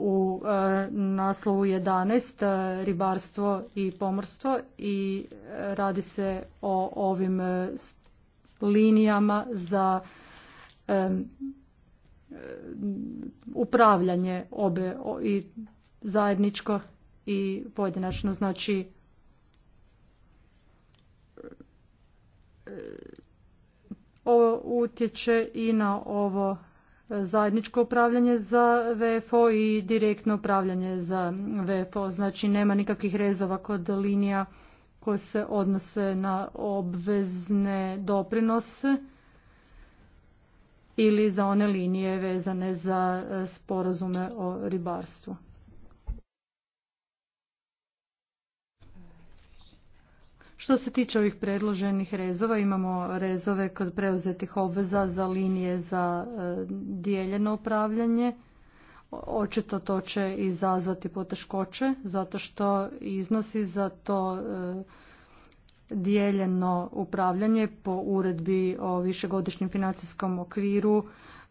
u e, naslovu 11 e, ribarstvo i pomorstvo i e, radi se o ovim linijama za upravljanje obe i zajedničko i pojedinačno znači ovo utječe i na ovo zajedničko upravljanje za VFO i direktno upravljanje za VFO. Znači nema nikakvih rezova kod linija koje se odnose na obvezne doprinose ili za one linije vezane za sporazume o ribarstvu. Što se tiče ovih predloženih rezova, imamo rezove kod preuzetih obveza za linije za e, dijeljeno upravljanje. Očito to će izazvati poteškoće, zato što iznosi za to e, dijeljeno upravljanje po uredbi o višegodišnjem financijskom okviru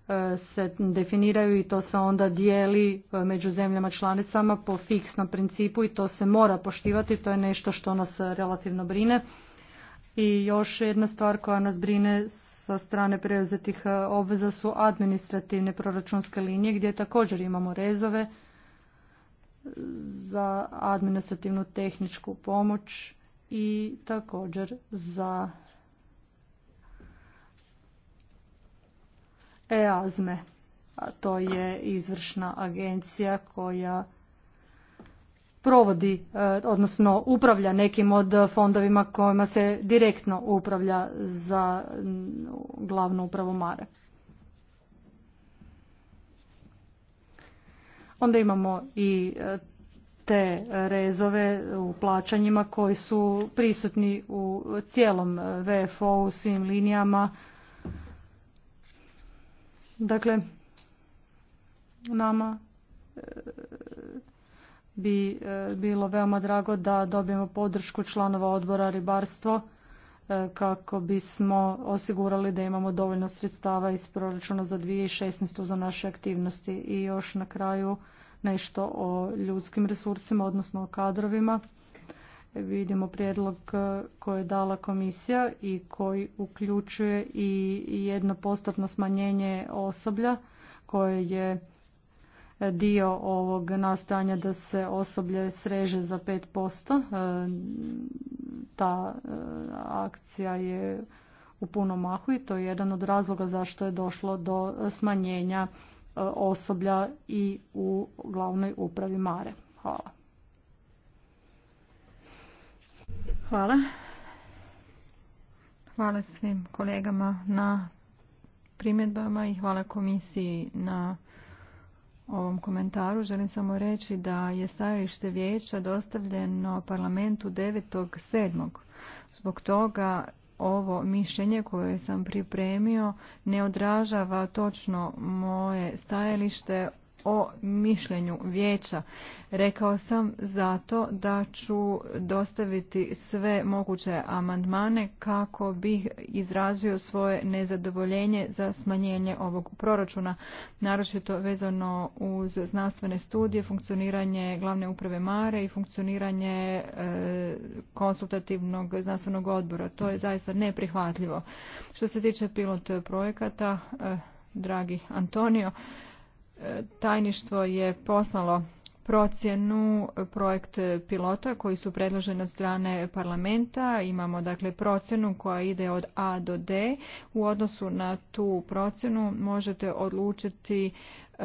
E, se definiraju i to se onda dijeli e, među zemljama članicama po fiksnom principu i to se mora poštivati, to je nešto što nas relativno brine. I još jedna stvar koja nas brine sa strane preuzetih e, obveza su administrativne proračunske linije gdje također imamo rezove za administrativnu tehničku pomoć i također za EASME, a to je izvršna agencija koja provodi, e, odnosno upravlja nekim od fondovima kojima se direktno upravlja za glavnu upravu Mare. Onda imamo i e, te rezove u plaćanjima koji su prisutni u cijelom e, VFO, u svim linijama, Dakle, nama e, bi e, bilo veoma drago da dobijemo podršku članova odbora ribarstvo e, kako bismo osigurali da imamo dovoljno sredstava iz proračuna za 2016. za naše aktivnosti. I još na kraju nešto o ljudskim resursima, odnosno o kadrovima vidimo prijedlog e, koji je dala komisija i koji uključuje i jedno postotno smanjenje osoblja koje je e, dio ovog nastojanja da se osoblje sreže za 5%. E, ta akcija je u punom mahu i to je jedan od razloga zašto je došlo do smanjenja osoblja i u glavnoj upravi Mare. Hvala. Hvala. Hvala svim kolegama na primjedbama i hvala komisiji na ovom komentaru. Želim samo reći da je stajalište vijeća dostavljeno parlamentu 9.7. Zbog toga ovo mišljenje koje sam pripremio ne odražava točno moje stajalište o mišljenju vijeća. Rekao sam zato da ću dostaviti sve moguće amandmane kako bih izrazio svoje nezadovoljenje za smanjenje ovog proračuna, naročito vezano uz znanstvene studije, funkcioniranje glavne uprave Mare i funkcioniranje e, konsultativnog znanstvenog odbora. To je zaista neprihvatljivo. Što se tiče pilot projekata, e, dragi Antonio, tajništvo je poslalo procjenu e, projekt pilota koji su predloženi od strane parlamenta. Imamo dakle procjenu koja ide od A do D. U odnosu na tu procjenu možete odlučiti e,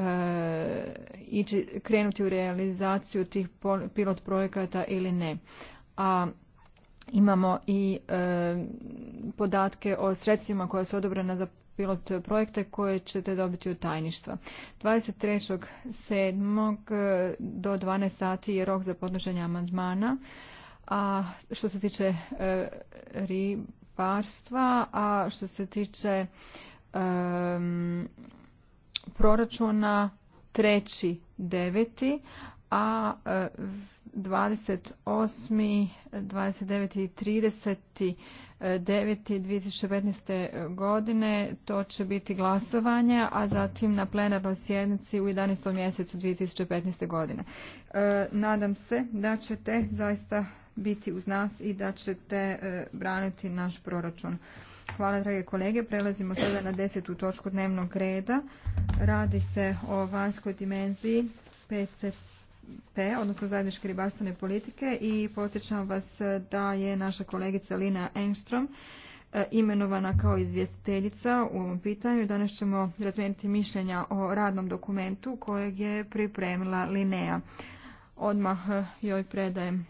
ići, krenuti u realizaciju tih pilot projekata ili ne. A imamo i e, podatke o sredstvima koja su odobrena za pilot projekte koje ćete dobiti od tajništva. 23.7. do 12 sati je rok za podnošenje amandmana. A što se tiče e, ribarstva, a što se tiče proračuna treći deveti, a 28. E, 29. i 30. 9.2015. godine to će biti glasovanje, a zatim na plenarnoj sjednici u 11. mjesecu 2015. godine. E, nadam se da ćete zaista biti uz nas i da ćete e, braniti naš proračun. Hvala drage kolege. Prelazimo sada na desetu točku dnevnog reda. Radi se o vanjskoj dimenziji 5 odnosno zajedničke ribarstvene politike i podsjećam vas da je naša kolegica Lina Engstrom e, imenovana kao izvjestiteljica u ovom pitanju. Danas ćemo razmijeniti mišljenja o radnom dokumentu kojeg je pripremila Linea. Odmah e, joj predajem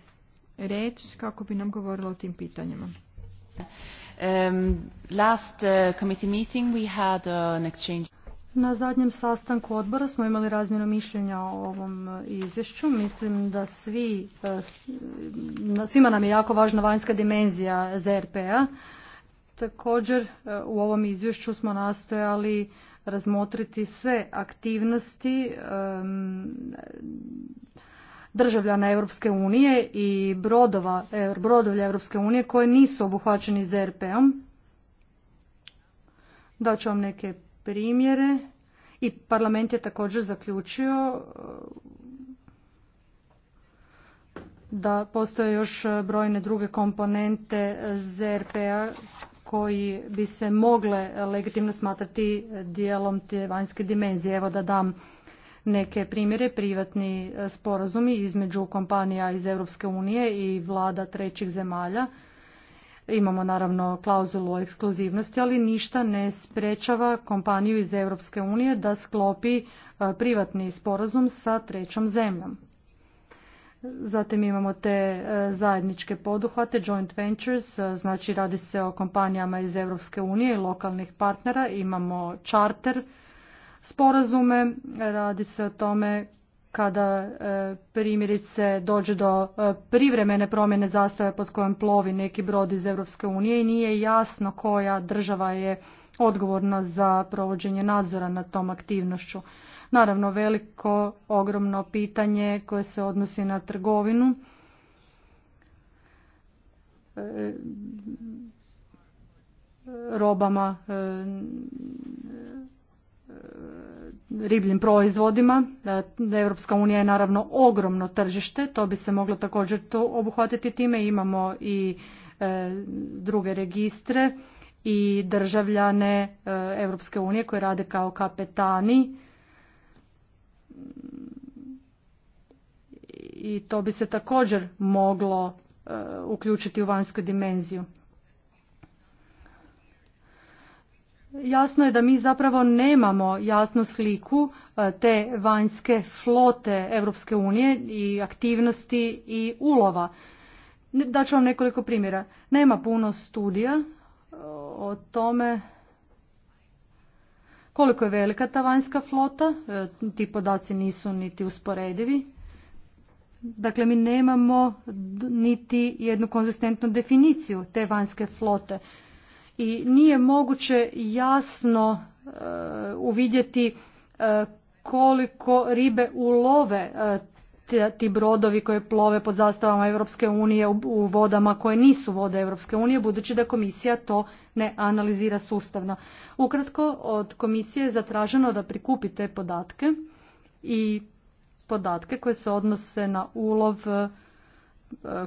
reč kako bi nam govorila o tim pitanjima. Um, last uh, committee meeting we had uh, an exchange na zadnjem sastanku odbora smo imali razmjenu mišljenja o ovom e, izvješću. Mislim da svi, e, svima nam je jako važna vanjska dimenzija ZRP-a. Također e, u ovom izvješću smo nastojali razmotriti sve aktivnosti državljana Europske unije i brodova, brodovlja Europske unije koje nisu obuhvaćeni ZRP-om. Daću vam neke primjere i parlament je također zaključio e, da postoje još brojne druge komponente ZRP-a koji bi se mogle legitimno smatrati dijelom te vanjske dimenzije. Evo da dam neke primjere, privatni sporazumi između kompanija iz Europske unije i vlada trećih zemalja Imamo naravno klauzulu o ekskluzivnosti, ali ništa ne sprečava kompaniju iz Europske unije da sklopi e, privatni sporazum sa trećom zemljom. Zatim imamo te e, zajedničke poduhvate, joint ventures, e, znači radi se o kompanijama iz Europske unije i lokalnih partnera. Imamo charter sporazume, radi se o tome kada e, primjerice dođe do e, privremene promjene zastave pod kojom plovi neki brod iz Europske unije i nije jasno koja država je odgovorna za provođenje nadzora nad tom aktivnošću. Naravno veliko, ogromno pitanje koje se odnosi na trgovinu. E, robama ribljim proizvodima. Europska unija je naravno ogromno tržište, to bi se moglo također to obuhvatiti time. Imamo i e, druge registre i državljane Europske unije koje rade kao kapetani i to bi se također moglo e, uključiti u vanjsku dimenziju. jasno je da mi zapravo nemamo jasnu sliku e, te vanjske flote Europske unije i aktivnosti i ulova. Daću vam nekoliko primjera. Nema puno studija e, o tome koliko je velika ta vanjska flota. E, ti podaci nisu niti usporedivi. Dakle, mi nemamo niti jednu konzistentnu definiciju te vanjske flote i nije moguće jasno e, uvidjeti e, koliko ribe ulove e, ti brodovi koje plove pod zastavama Europske unije u vodama koje nisu vode Europske unije, budući da komisija to ne analizira sustavno. Ukratko, od komisije je zatraženo da prikupi te podatke i podatke koje se odnose na ulov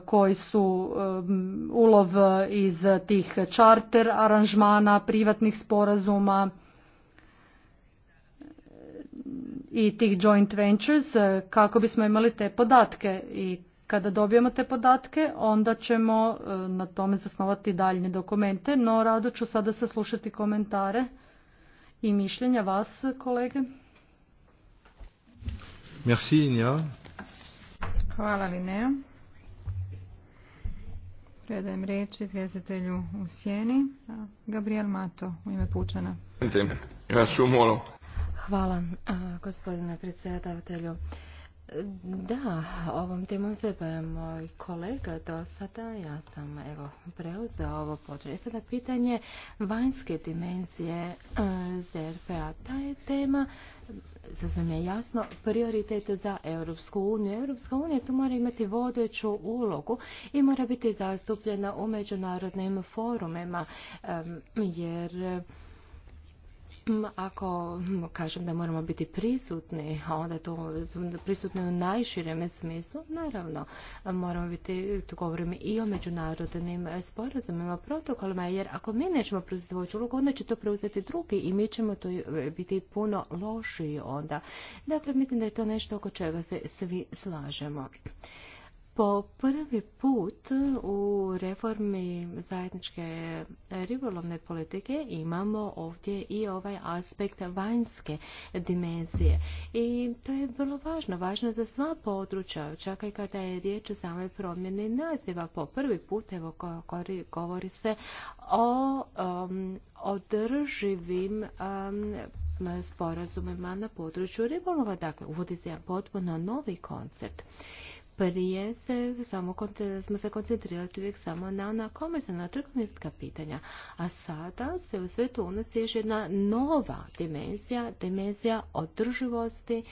koji su um, ulov iz tih čarter aranžmana, privatnih sporazuma i tih joint ventures kako bismo imali te podatke i kada dobijemo te podatke onda ćemo uh, na tome zasnovati daljnje dokumente, no rado ću sada saslušati komentare i mišljenja vas kolege. Merci Hvala Linea. Predajem riječ izvjestitelju u sjeni. Gabriel Mato u ime Pučana. Hvala gospodine predsjedavatelju. Da, ovom temom se moj kolega do sada, ja sam evo preuzeo ovo podre. E sada pitanje vanjske dimenzije e, ZRP-a. Ta je tema, sasvim je jasno, prioritet za Europsku uniju. Europska unija tu mora imati vodeću ulogu i mora biti zastupljena u međunarodnim forumima, jer Mm, ako mm, kažem da moramo biti prisutni, a onda to prisutni u najširem smislu, naravno moramo biti, tu govorim i o međunarodnim e, sporazumima, protokolima, jer ako mi nećemo preuzeti voću ulogu, onda će to preuzeti drugi i mi ćemo tu e, biti puno lošiji onda. Dakle, mislim da je to nešto oko čega se svi slažemo po prvi put u reformi zajedničke ribolovne politike imamo ovdje i ovaj aspekt vanjske dimenzije. I to je vrlo važno, važno za sva područja, čak i kada je riječ o samoj promjeni naziva. Po prvi put evo govori se o um, održivim um, sporazumima na području ribolova. Dakle, uvodi se potpuno novi koncept prije se samo smo se koncentrirali uvijek samo na ona na trgovinska pitanja, a sada se u svetu unosi još jedna nova dimenzija, dimenzija održivosti,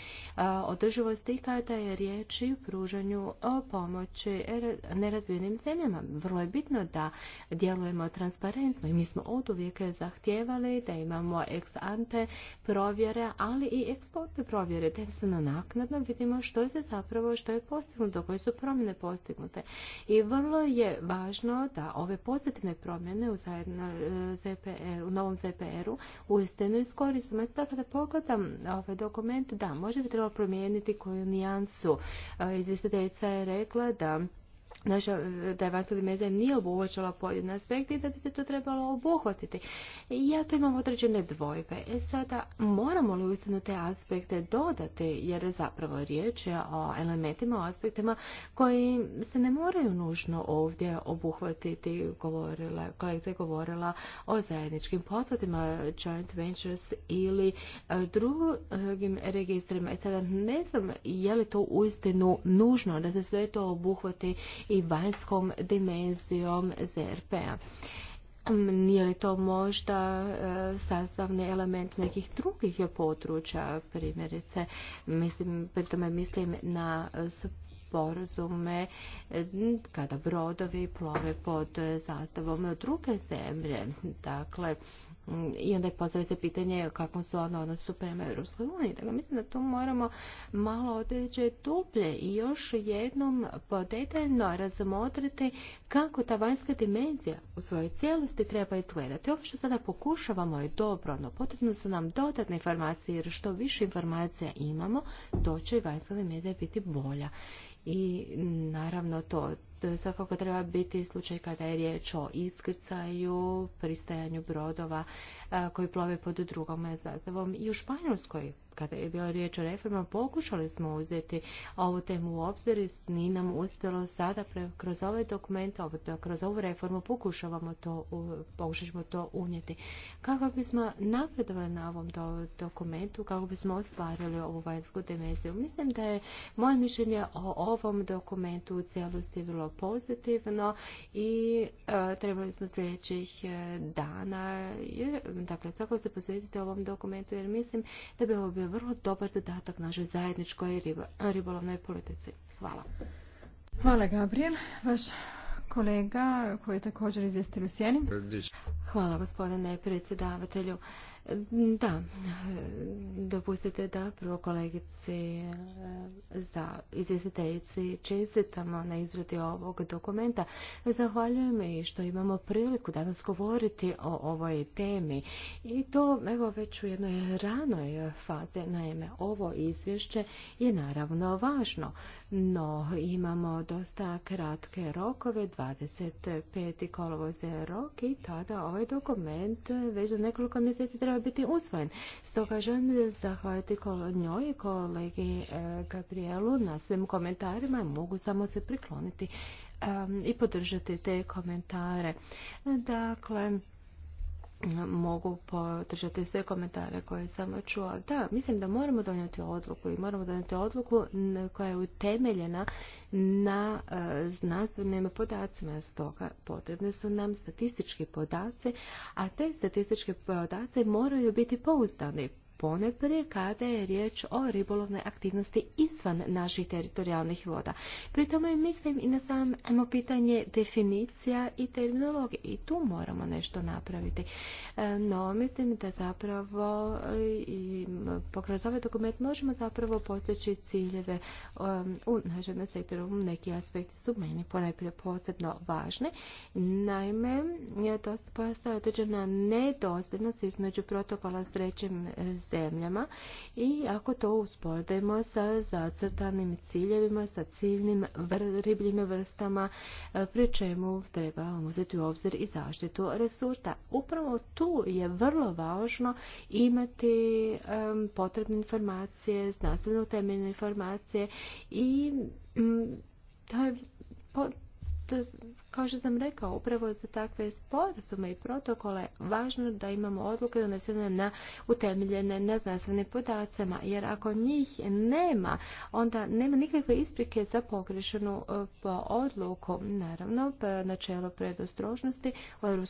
održivosti kada je riječ i pružanju pomoći er- nerazvijenim zemljama. Vrlo je bitno da djelujemo transparentno i mi smo od uvijek zahtijevali da imamo ex ante provjere, ali i ex provjere, te se naknadno vidimo što je zapravo, što je postignuto do koje su promjene postignute. I vrlo je važno da ove pozitivne promjene u, zajedno, e, u novom ZPR-u uistinu iskoristimo. Tako kada pogledam ovaj dokument, da, može bi trebalo promijeniti koju nijansu. E, izvjestiteljica je rekla da naša, e, da je vanjska dimenzija nije obuhvaćala pojedine aspekte i da bi se to trebalo obuhvatiti. Ja tu imam određene dvojbe. E sada, moramo li uistinu te aspekte dodati, jer je zapravo riječ o elementima, o aspektima koji se ne moraju nužno ovdje obuhvatiti. Govorila, kolegica je govorila o zajedničkim potvotima, joint ventures ili e, drugim registrima. E sada, ne znam je li to uistinu nužno da se sve to obuhvati i vanjskom dimenzijom ZRP-a. Nije mm, li to možda e, sastavni element nekih drugih područja, primjerice, mislim, pri tome mislim na sporazume e, kada brodovi plove pod zastavom druge zemlje. Dakle, i onda je postavio se pitanje kakvom su ono odnosu prema Europskoj uniji. Dakle, mislim da tu moramo malo otići duplje i još jednom detaljno razmotriti kako ta vanjska dimenzija u svojoj cijelosti treba izgledati. Ovo što sada pokušavamo je dobro, no potrebno su nam dodatne informacije jer što više informacija imamo, to će i vanjska dimenzija biti bolja. I naravno to svakako treba biti slučaj kada je riječ o iskrcaju, pristajanju brodova koji plove pod drugom zazavom. i u Španjolskoj kada je bila riječ o reforma, pokušali smo uzeti ovu temu u obzir i nije nam uspjelo sada kroz ovaj dokument, kroz ovu reformu pokušavamo to, ćemo to unijeti. Kako bismo napredovali na ovom dokumentu, kako bismo ostvarili ovu vanjsku dimenziju. Mislim da je moje mišljenje o ovom dokumentu u cijelosti vrlo pozitivno i e, trebali smo sljedećih e, dana, dakle, svako se posvetite ovom dokumentu jer mislim da bi ovo bio vrlo dobar dodatak našoj zajedničkoj ribolovnoj politici. Hvala. Hvala, Gabriel. Vaš kolega koji također izvjestil u sjeni. Hvala, gospodine predsjedavatelju. Da, dopustite da prvo kolegici e, za izvjestiteljici čestitamo na izradi ovog dokumenta. Zahvaljujem i što imamo priliku danas govoriti o ovoj temi. I to evo već u jednoj ranoj fazi. Naime, ovo izvješće je naravno važno no imamo dosta kratke rokove, 25. kolovoz je rok i tada ovaj dokument već za nekoliko mjeseci treba biti usvojen. Stoga želim zahvaliti njoj i kolegi e, Gabrielu na svim komentarima. Mogu samo se prikloniti e, i podržati te komentare. Dakle, mogu podržati sve komentare koje sam čula. Da, mislim da moramo donijeti odluku i moramo donijeti odluku koja je utemeljena na e, znanstvenim podacima. Stoga potrebne su nam statistički podaci, a te statističke podaci moraju biti pouzdani prije kada je riječ o ribolovnoj aktivnosti izvan naših teritorijalnih voda. Pri tome mislim i na samo pitanje definicija i terminologije. I tu moramo nešto napraviti. E, no, mislim da zapravo e, i kroz ovaj dokument možemo zapravo postići ciljeve e, u našem sektoru. Neki aspekti su meni ponajprije posebno važni. Naime, je dosta postala određena nedosljednost između protokola s trećim zemljama i ako to usporedimo sa zacrtanim ciljevima, sa ciljnim ribljim vrstama, e, pri čemu treba uzeti u obzir i zaštitu resursa. Upravo tu je vrlo važno imati potrebne informacije, znanstveno temeljne informacije i mm, to je kao što sam rekao, upravo za takve sporazume i protokole važno da imamo odluke donesene na utemeljene na znanstvenim podacima, jer ako njih nema, onda nema nikakve isprike za pogrešenu e, odluku. Naravno, načelo predostrožnosti u EU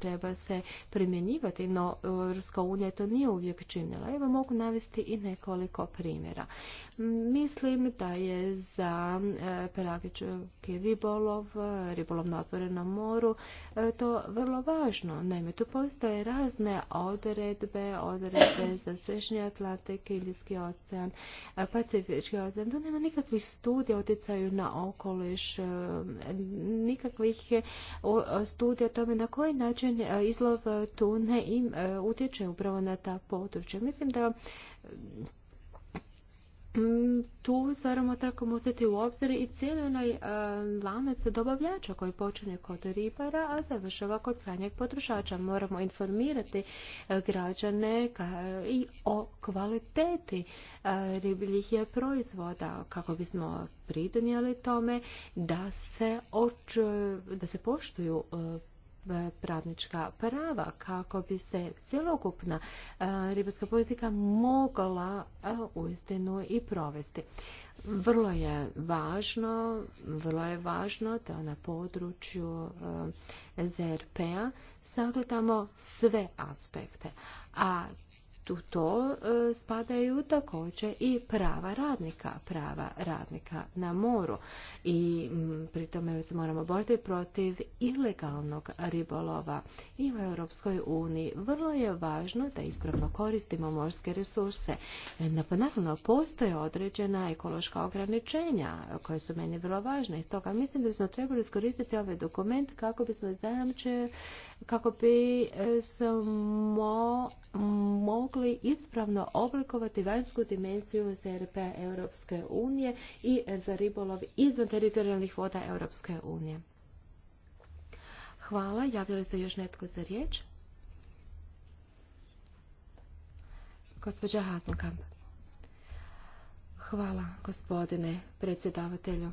treba se primjenjivati, no Europska unija to nije uvijek činila. Evo mogu navesti i nekoliko primjera. Mislim da je za e, pelagički ribolov, ribolov na otvorenom moru e, to vrlo važno. Naime, tu postoje razne odredbe, odredbe [clears throat] za Srešnji Atlantik, Ilijski ocean, e, Pacifički ocean. Tu nema nikakvih studija utjecaju na okoliš, e, nikakvih studija tome na koji način izlov tune im utječe upravo na ta područja. Mislim da Mm, tu moramo tako uzeti u obzir i cijeli onaj e, lanac dobavljača koji počinje kod ripara, a završava kod krajnjeg potrošača. Moramo informirati e, građane i o kvaliteti e, ribljih proizvoda kako bismo pridonijeli tome da se, oč, da se poštuju E, radnička prava kako bi se cjelokupna e, ribarska politika mogla e, uistinu i provesti. Vrlo je važno, vrlo je važno da na području ZRP-a sagledamo sve aspekte, a tu to e, spadaju također i prava radnika, prava radnika na moru. I pri tome se moramo boriti protiv ilegalnog ribolova. I u Europskoj uniji vrlo je važno da ispravno koristimo morske resurse. E, naravno, postoje određena ekološka ograničenja koje su meni vrlo važne i stoga mislim da smo trebali iskoristiti ovaj dokument kako bismo zajamčili kako bi e, smo mogli ispravno oblikovati vanjsku dimenziju ZRP Europske unije i za ribolov izvan teritorijalnih voda Europske unije. Hvala. Javljali ste još netko za riječ? Gospođa Hasenkamp. Hvala, gospodine predsjedavatelju.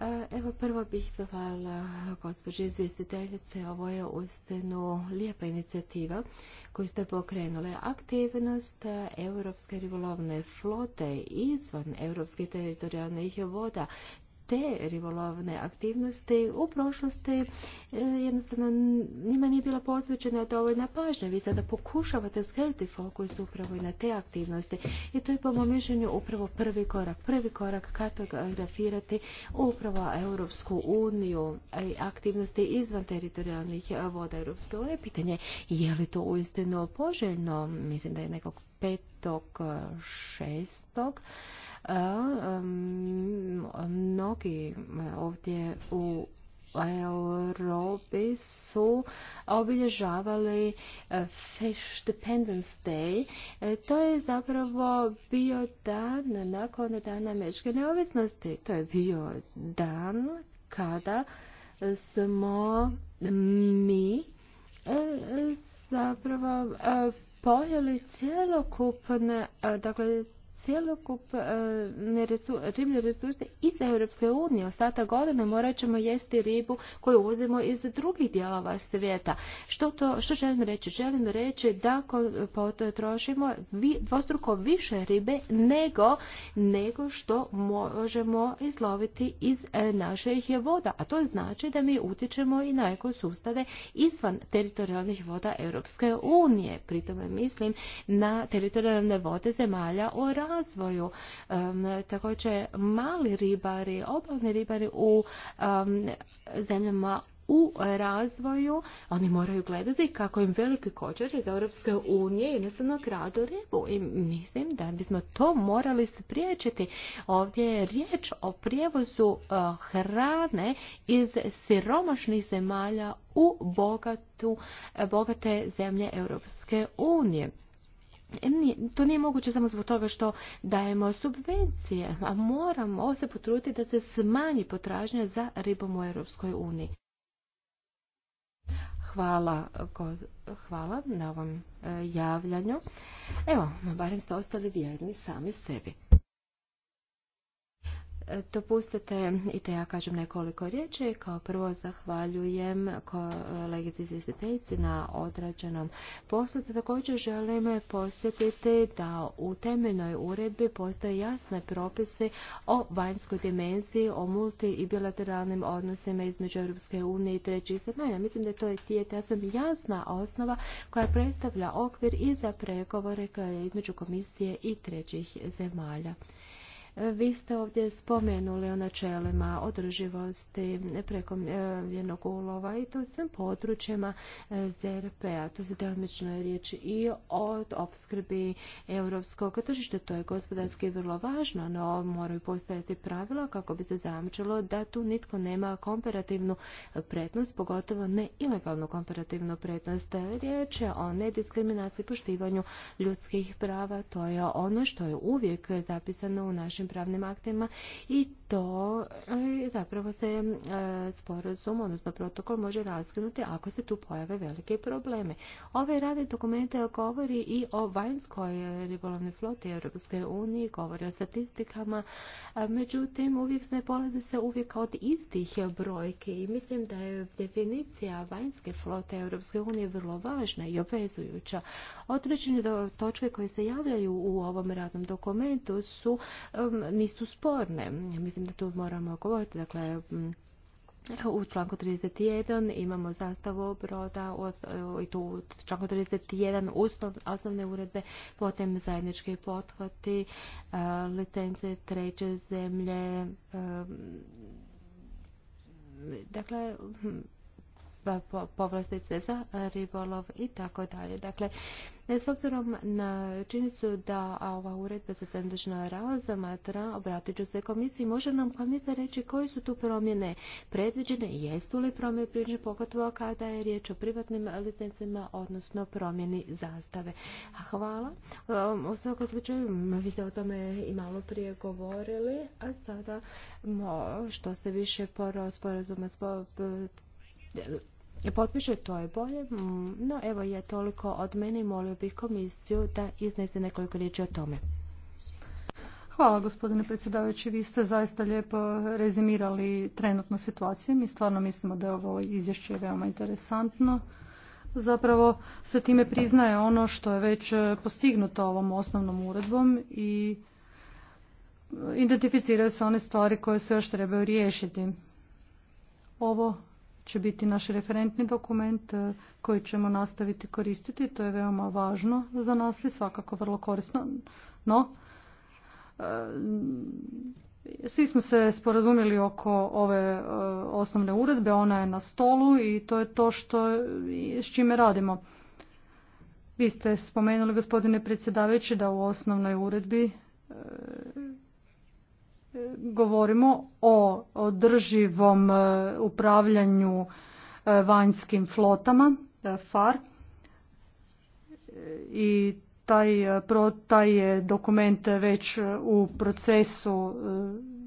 E, evo prvo bih zahvalila gospođe izvjestiteljice. Ovo je uistinu lijepa inicijativa koju ste pokrenule. Aktivnost e, Europske ribolovne flote izvan europskih teritorijalnih voda te ribolovne aktivnosti u prošlosti e, jednostavno njima nije bila posvećena dovoljna pažnja. Vi sada pokušavate skrenuti fokus upravo i na te aktivnosti i to je po mom mišljenju upravo prvi korak. Prvi korak kartografirati upravo Europsku uniju aktivnosti izvan teritorijalnih e, voda Europske unije. Pitanje je li to uistinu poželjno? Mislim da je nekog petog, e, šestog Mnogi e, ovdje u Europi su obilježavali e, Fish Dependence Day. E, to je zapravo bio dan nakon dana Američke neovisnosti. To je bio dan kada smo mi zapravo pojeli cjelokupne, dakle cjelokupne e, ribne resurse iz Europske unije. Ostatak godine morat ćemo jesti ribu koju uvozimo iz drugih dijelova svijeta. Što, želim reći? Želim reći da potrošimo dvostruko više ribe nego, nego što možemo izloviti iz e, naših voda. A to znači da mi utječemo i na ekosustave izvan teritorijalnih voda Europske unije. Pritome mislim na teritorijalne vode zemalja o razvoju. Također mali ribari, obalni ribari u zemljama u razvoju, oni moraju gledati kako im veliki kođer iz Europske unije jednostavno kradu ribu i mislim da bismo to morali spriječiti. Ovdje je riječ o prijevozu e, hrane iz siromašnih zemalja u bogate zemlje Europske unije to nije moguće samo zbog toga što dajemo subvencije, a moramo se potruditi da se smanji potražnja za ribom u Europskoj uniji. Hvala, hvala na ovom e, javljanju. Evo, barem ste ostali vjerni sami sebi. Dopustite i te ja kažem nekoliko riječi. Kao prvo zahvaljujem kolegici izvjestiteljici na odrađenom poslu. Također želim posjetiti da u temeljnoj uredbi postoje jasne propise o vanjskoj dimenziji, o multi i bilateralnim odnosima između Europske unije i trećih zemalja. Mislim da to je to jasna osnova koja predstavlja okvir i za pregovore između komisije i trećih zemalja. Vi ste ovdje spomenuli o načelima održivosti prekomjernog e, ulova i to u svim područjima e, ZRP-a. to se delimično riječ i o opskrbi europskog tržišta. To je gospodarski vrlo važno, no moraju postojati pravila kako bi se zamčilo da tu nitko nema komparativnu pretnost, pogotovo ne ilegalnu komparativnu pretnost. Riječ je o nediskriminaciji poštivanju ljudskih prava. To je ono što je uvijek zapisano u našim pravnim aktima i to e, zapravo se e, sporazum, odnosno protokol može razkinuti ako se tu pojave velike probleme. Ove rade dokumente govori i o vanjskoj ribolovnoj floti Europske unije, govori o statistikama, međutim uvijek ne polazi se uvijek od istih brojke i mislim da je definicija vanjske flote Europske unije vrlo važna i obvezujuća. Određene točke koje se javljaju u ovom radnom dokumentu su e, nisu sporne. Mislim da tu moramo govoriti. Dakle, mm, u članku 31 imamo zastavu broda i tu u članku 31 uslov, osnovne uredbe, potem zajednički pothvati, e, licence treće zemlje. E, dakle, hm, povlastice za ribolov i tako dalje. Dakle, s obzirom na činjenicu da ova uredba za sadržno razmatra, obratit ću se komisiji, može nam komisija reći koji su tu promjene predviđene, jesu li promjene predviđene, pogotovo kada je riječ o privatnim licencima, odnosno promjeni zastave. Hvala. Um, u svakom slučaju, vi ste o tome i malo prije govorili, a sada što se više po sporazuma potpiše, to je bolje. Mm, no, evo je toliko od mene i molio bih komisiju da iznese nekoliko riječi o tome. Hvala gospodine predsjedavajući. Vi ste zaista lijepo rezimirali trenutnu situaciju. Mi stvarno mislimo da je ovo izvješće veoma interesantno. Zapravo se time priznaje ono što je već postignuto ovom osnovnom uredbom i identificiraju se one stvari koje se još trebaju riješiti. Ovo će biti naš referentni dokument e, koji ćemo nastaviti koristiti. To je veoma važno za nas i svakako vrlo korisno. No, e, svi smo se sporazumili oko ove e, osnovne uredbe, ona je na stolu i to je to što, s čime radimo. Vi ste spomenuli, gospodine predsjedavajući, da u osnovnoj uredbi govorimo o održivom e, upravljanju e, vanjskim flotama, e, FAR, i taj, taj je dokument već u procesu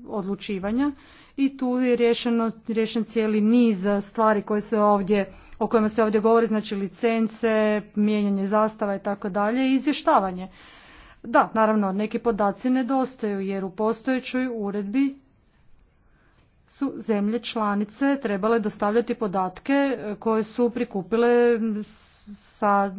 odlučivanja i tu je rješeno, rješen cijeli niz stvari koje se ovdje, o kojima se ovdje govori, znači licence, mijenjanje zastava i tako dalje i izvještavanje. Da, naravno, neki podaci nedostaju jer u postojećoj uredbi su zemlje članice trebale dostavljati podatke e, koje su prikupile sa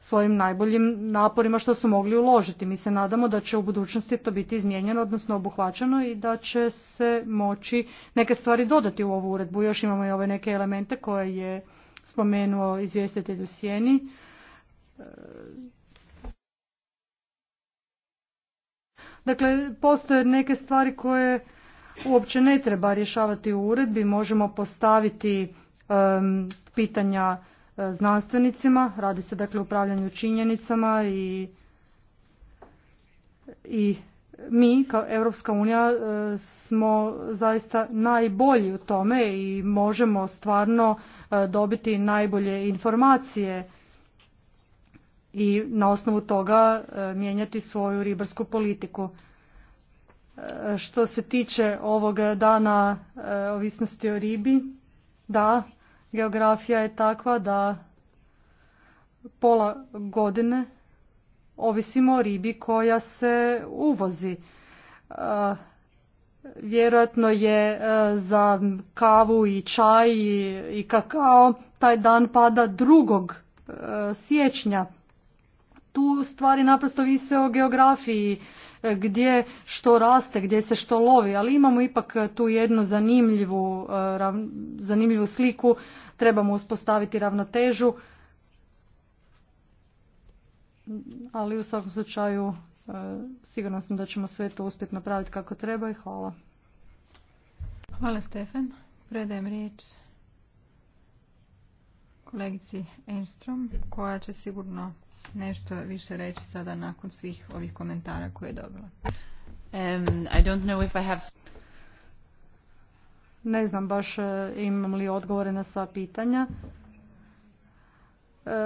svojim najboljim naporima što su mogli uložiti. Mi se nadamo da će u budućnosti to biti izmijenjeno, odnosno obuhvaćeno i da će se moći neke stvari dodati u ovu uredbu. Još imamo i ove neke elemente koje je spomenuo izvjestitelj u Sjeni e, Dakle, postoje neke stvari koje uopće ne treba rješavati u uredbi, možemo postaviti pitanja e, znanstvenicima, radi se dakle o upravljanju činjenicama i, i mi kao Europska unija e, smo zaista najbolji u tome i možemo stvarno e, dobiti najbolje informacije i na osnovu toga e, mijenjati svoju ribarsku politiku. E, što se tiče ovog dana e, ovisnosti o ribi, da, geografija je takva da pola godine ovisimo o ribi koja se uvozi. Vjerojatno je za kavu i čaj i kakao taj dan pada drugog siječnja tu stvari naprosto vise o geografiji e, gdje što raste, gdje se što lovi, ali imamo ipak tu jednu zanimljivu, e, zanimljivu sliku, trebamo uspostaviti ravnotežu, ali u svakom slučaju e, sigurno sam da ćemo sve to uspjeti napraviti kako treba i hvala. Hvala Stefan. Predajem riječ kolegici Enstrom koja će sigurno nešto više reći sada nakon svih ovih komentara koje je dobila. Ne znam baš e, imam li odgovore na sva pitanja. E,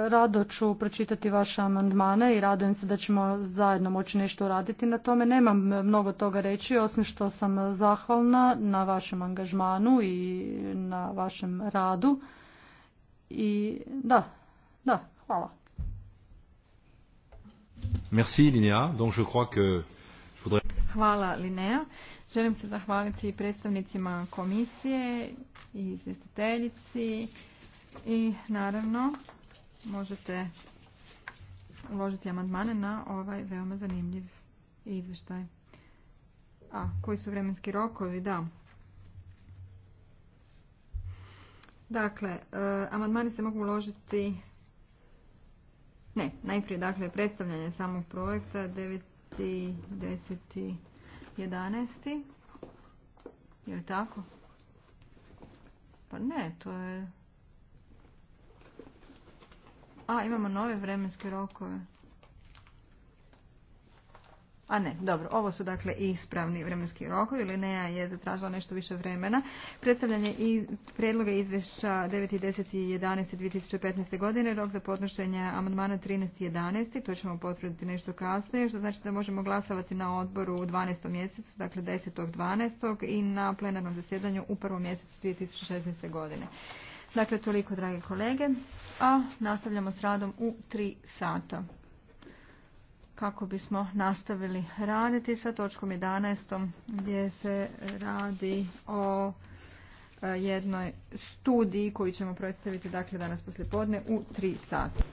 rado ću pročitati vaše amandmane i radujem se da ćemo zajedno moći nešto raditi na tome. Nemam mnogo toga reći, osim što sam zahvalna na vašem angažmanu i na vašem radu. I da, da, hvala. Merci Donc Hvala Linea. Želim se zahvaliti predstavnicima komisije i izvjestiteljici i naravno možete uložiti amandmane na ovaj veoma zanimljiv izvještaj. A, koji su vremenski rokovi? Da. Dakle, amadmane amandmani se mogu uložiti ne, najprije dakle predstavljanje samog projekta 9. Je li tako? Pa ne, to je... A, imamo nove vremenske rokove. A ne, dobro, ovo su dakle ispravni vremenski rokovi. ili Linea je zatražila nešto više vremena. Predstavljanje i predloge izvješća 9. i 10. 11. 2015. godine, rok za podnošenje amandmana 13. 11. To ćemo potvrditi nešto kasnije, što znači da možemo glasovati na odboru u 12. mjesecu, dakle 10. 12. i na plenarnom zasjedanju u 1. mjesecu 2016. godine. Dakle, toliko, drage kolege, a nastavljamo s radom u 3 sata kako bismo nastavili raditi sa točkom 11. gdje se radi o e, jednoj studiji koju ćemo predstaviti dakle danas poslijepodne u 3 sati.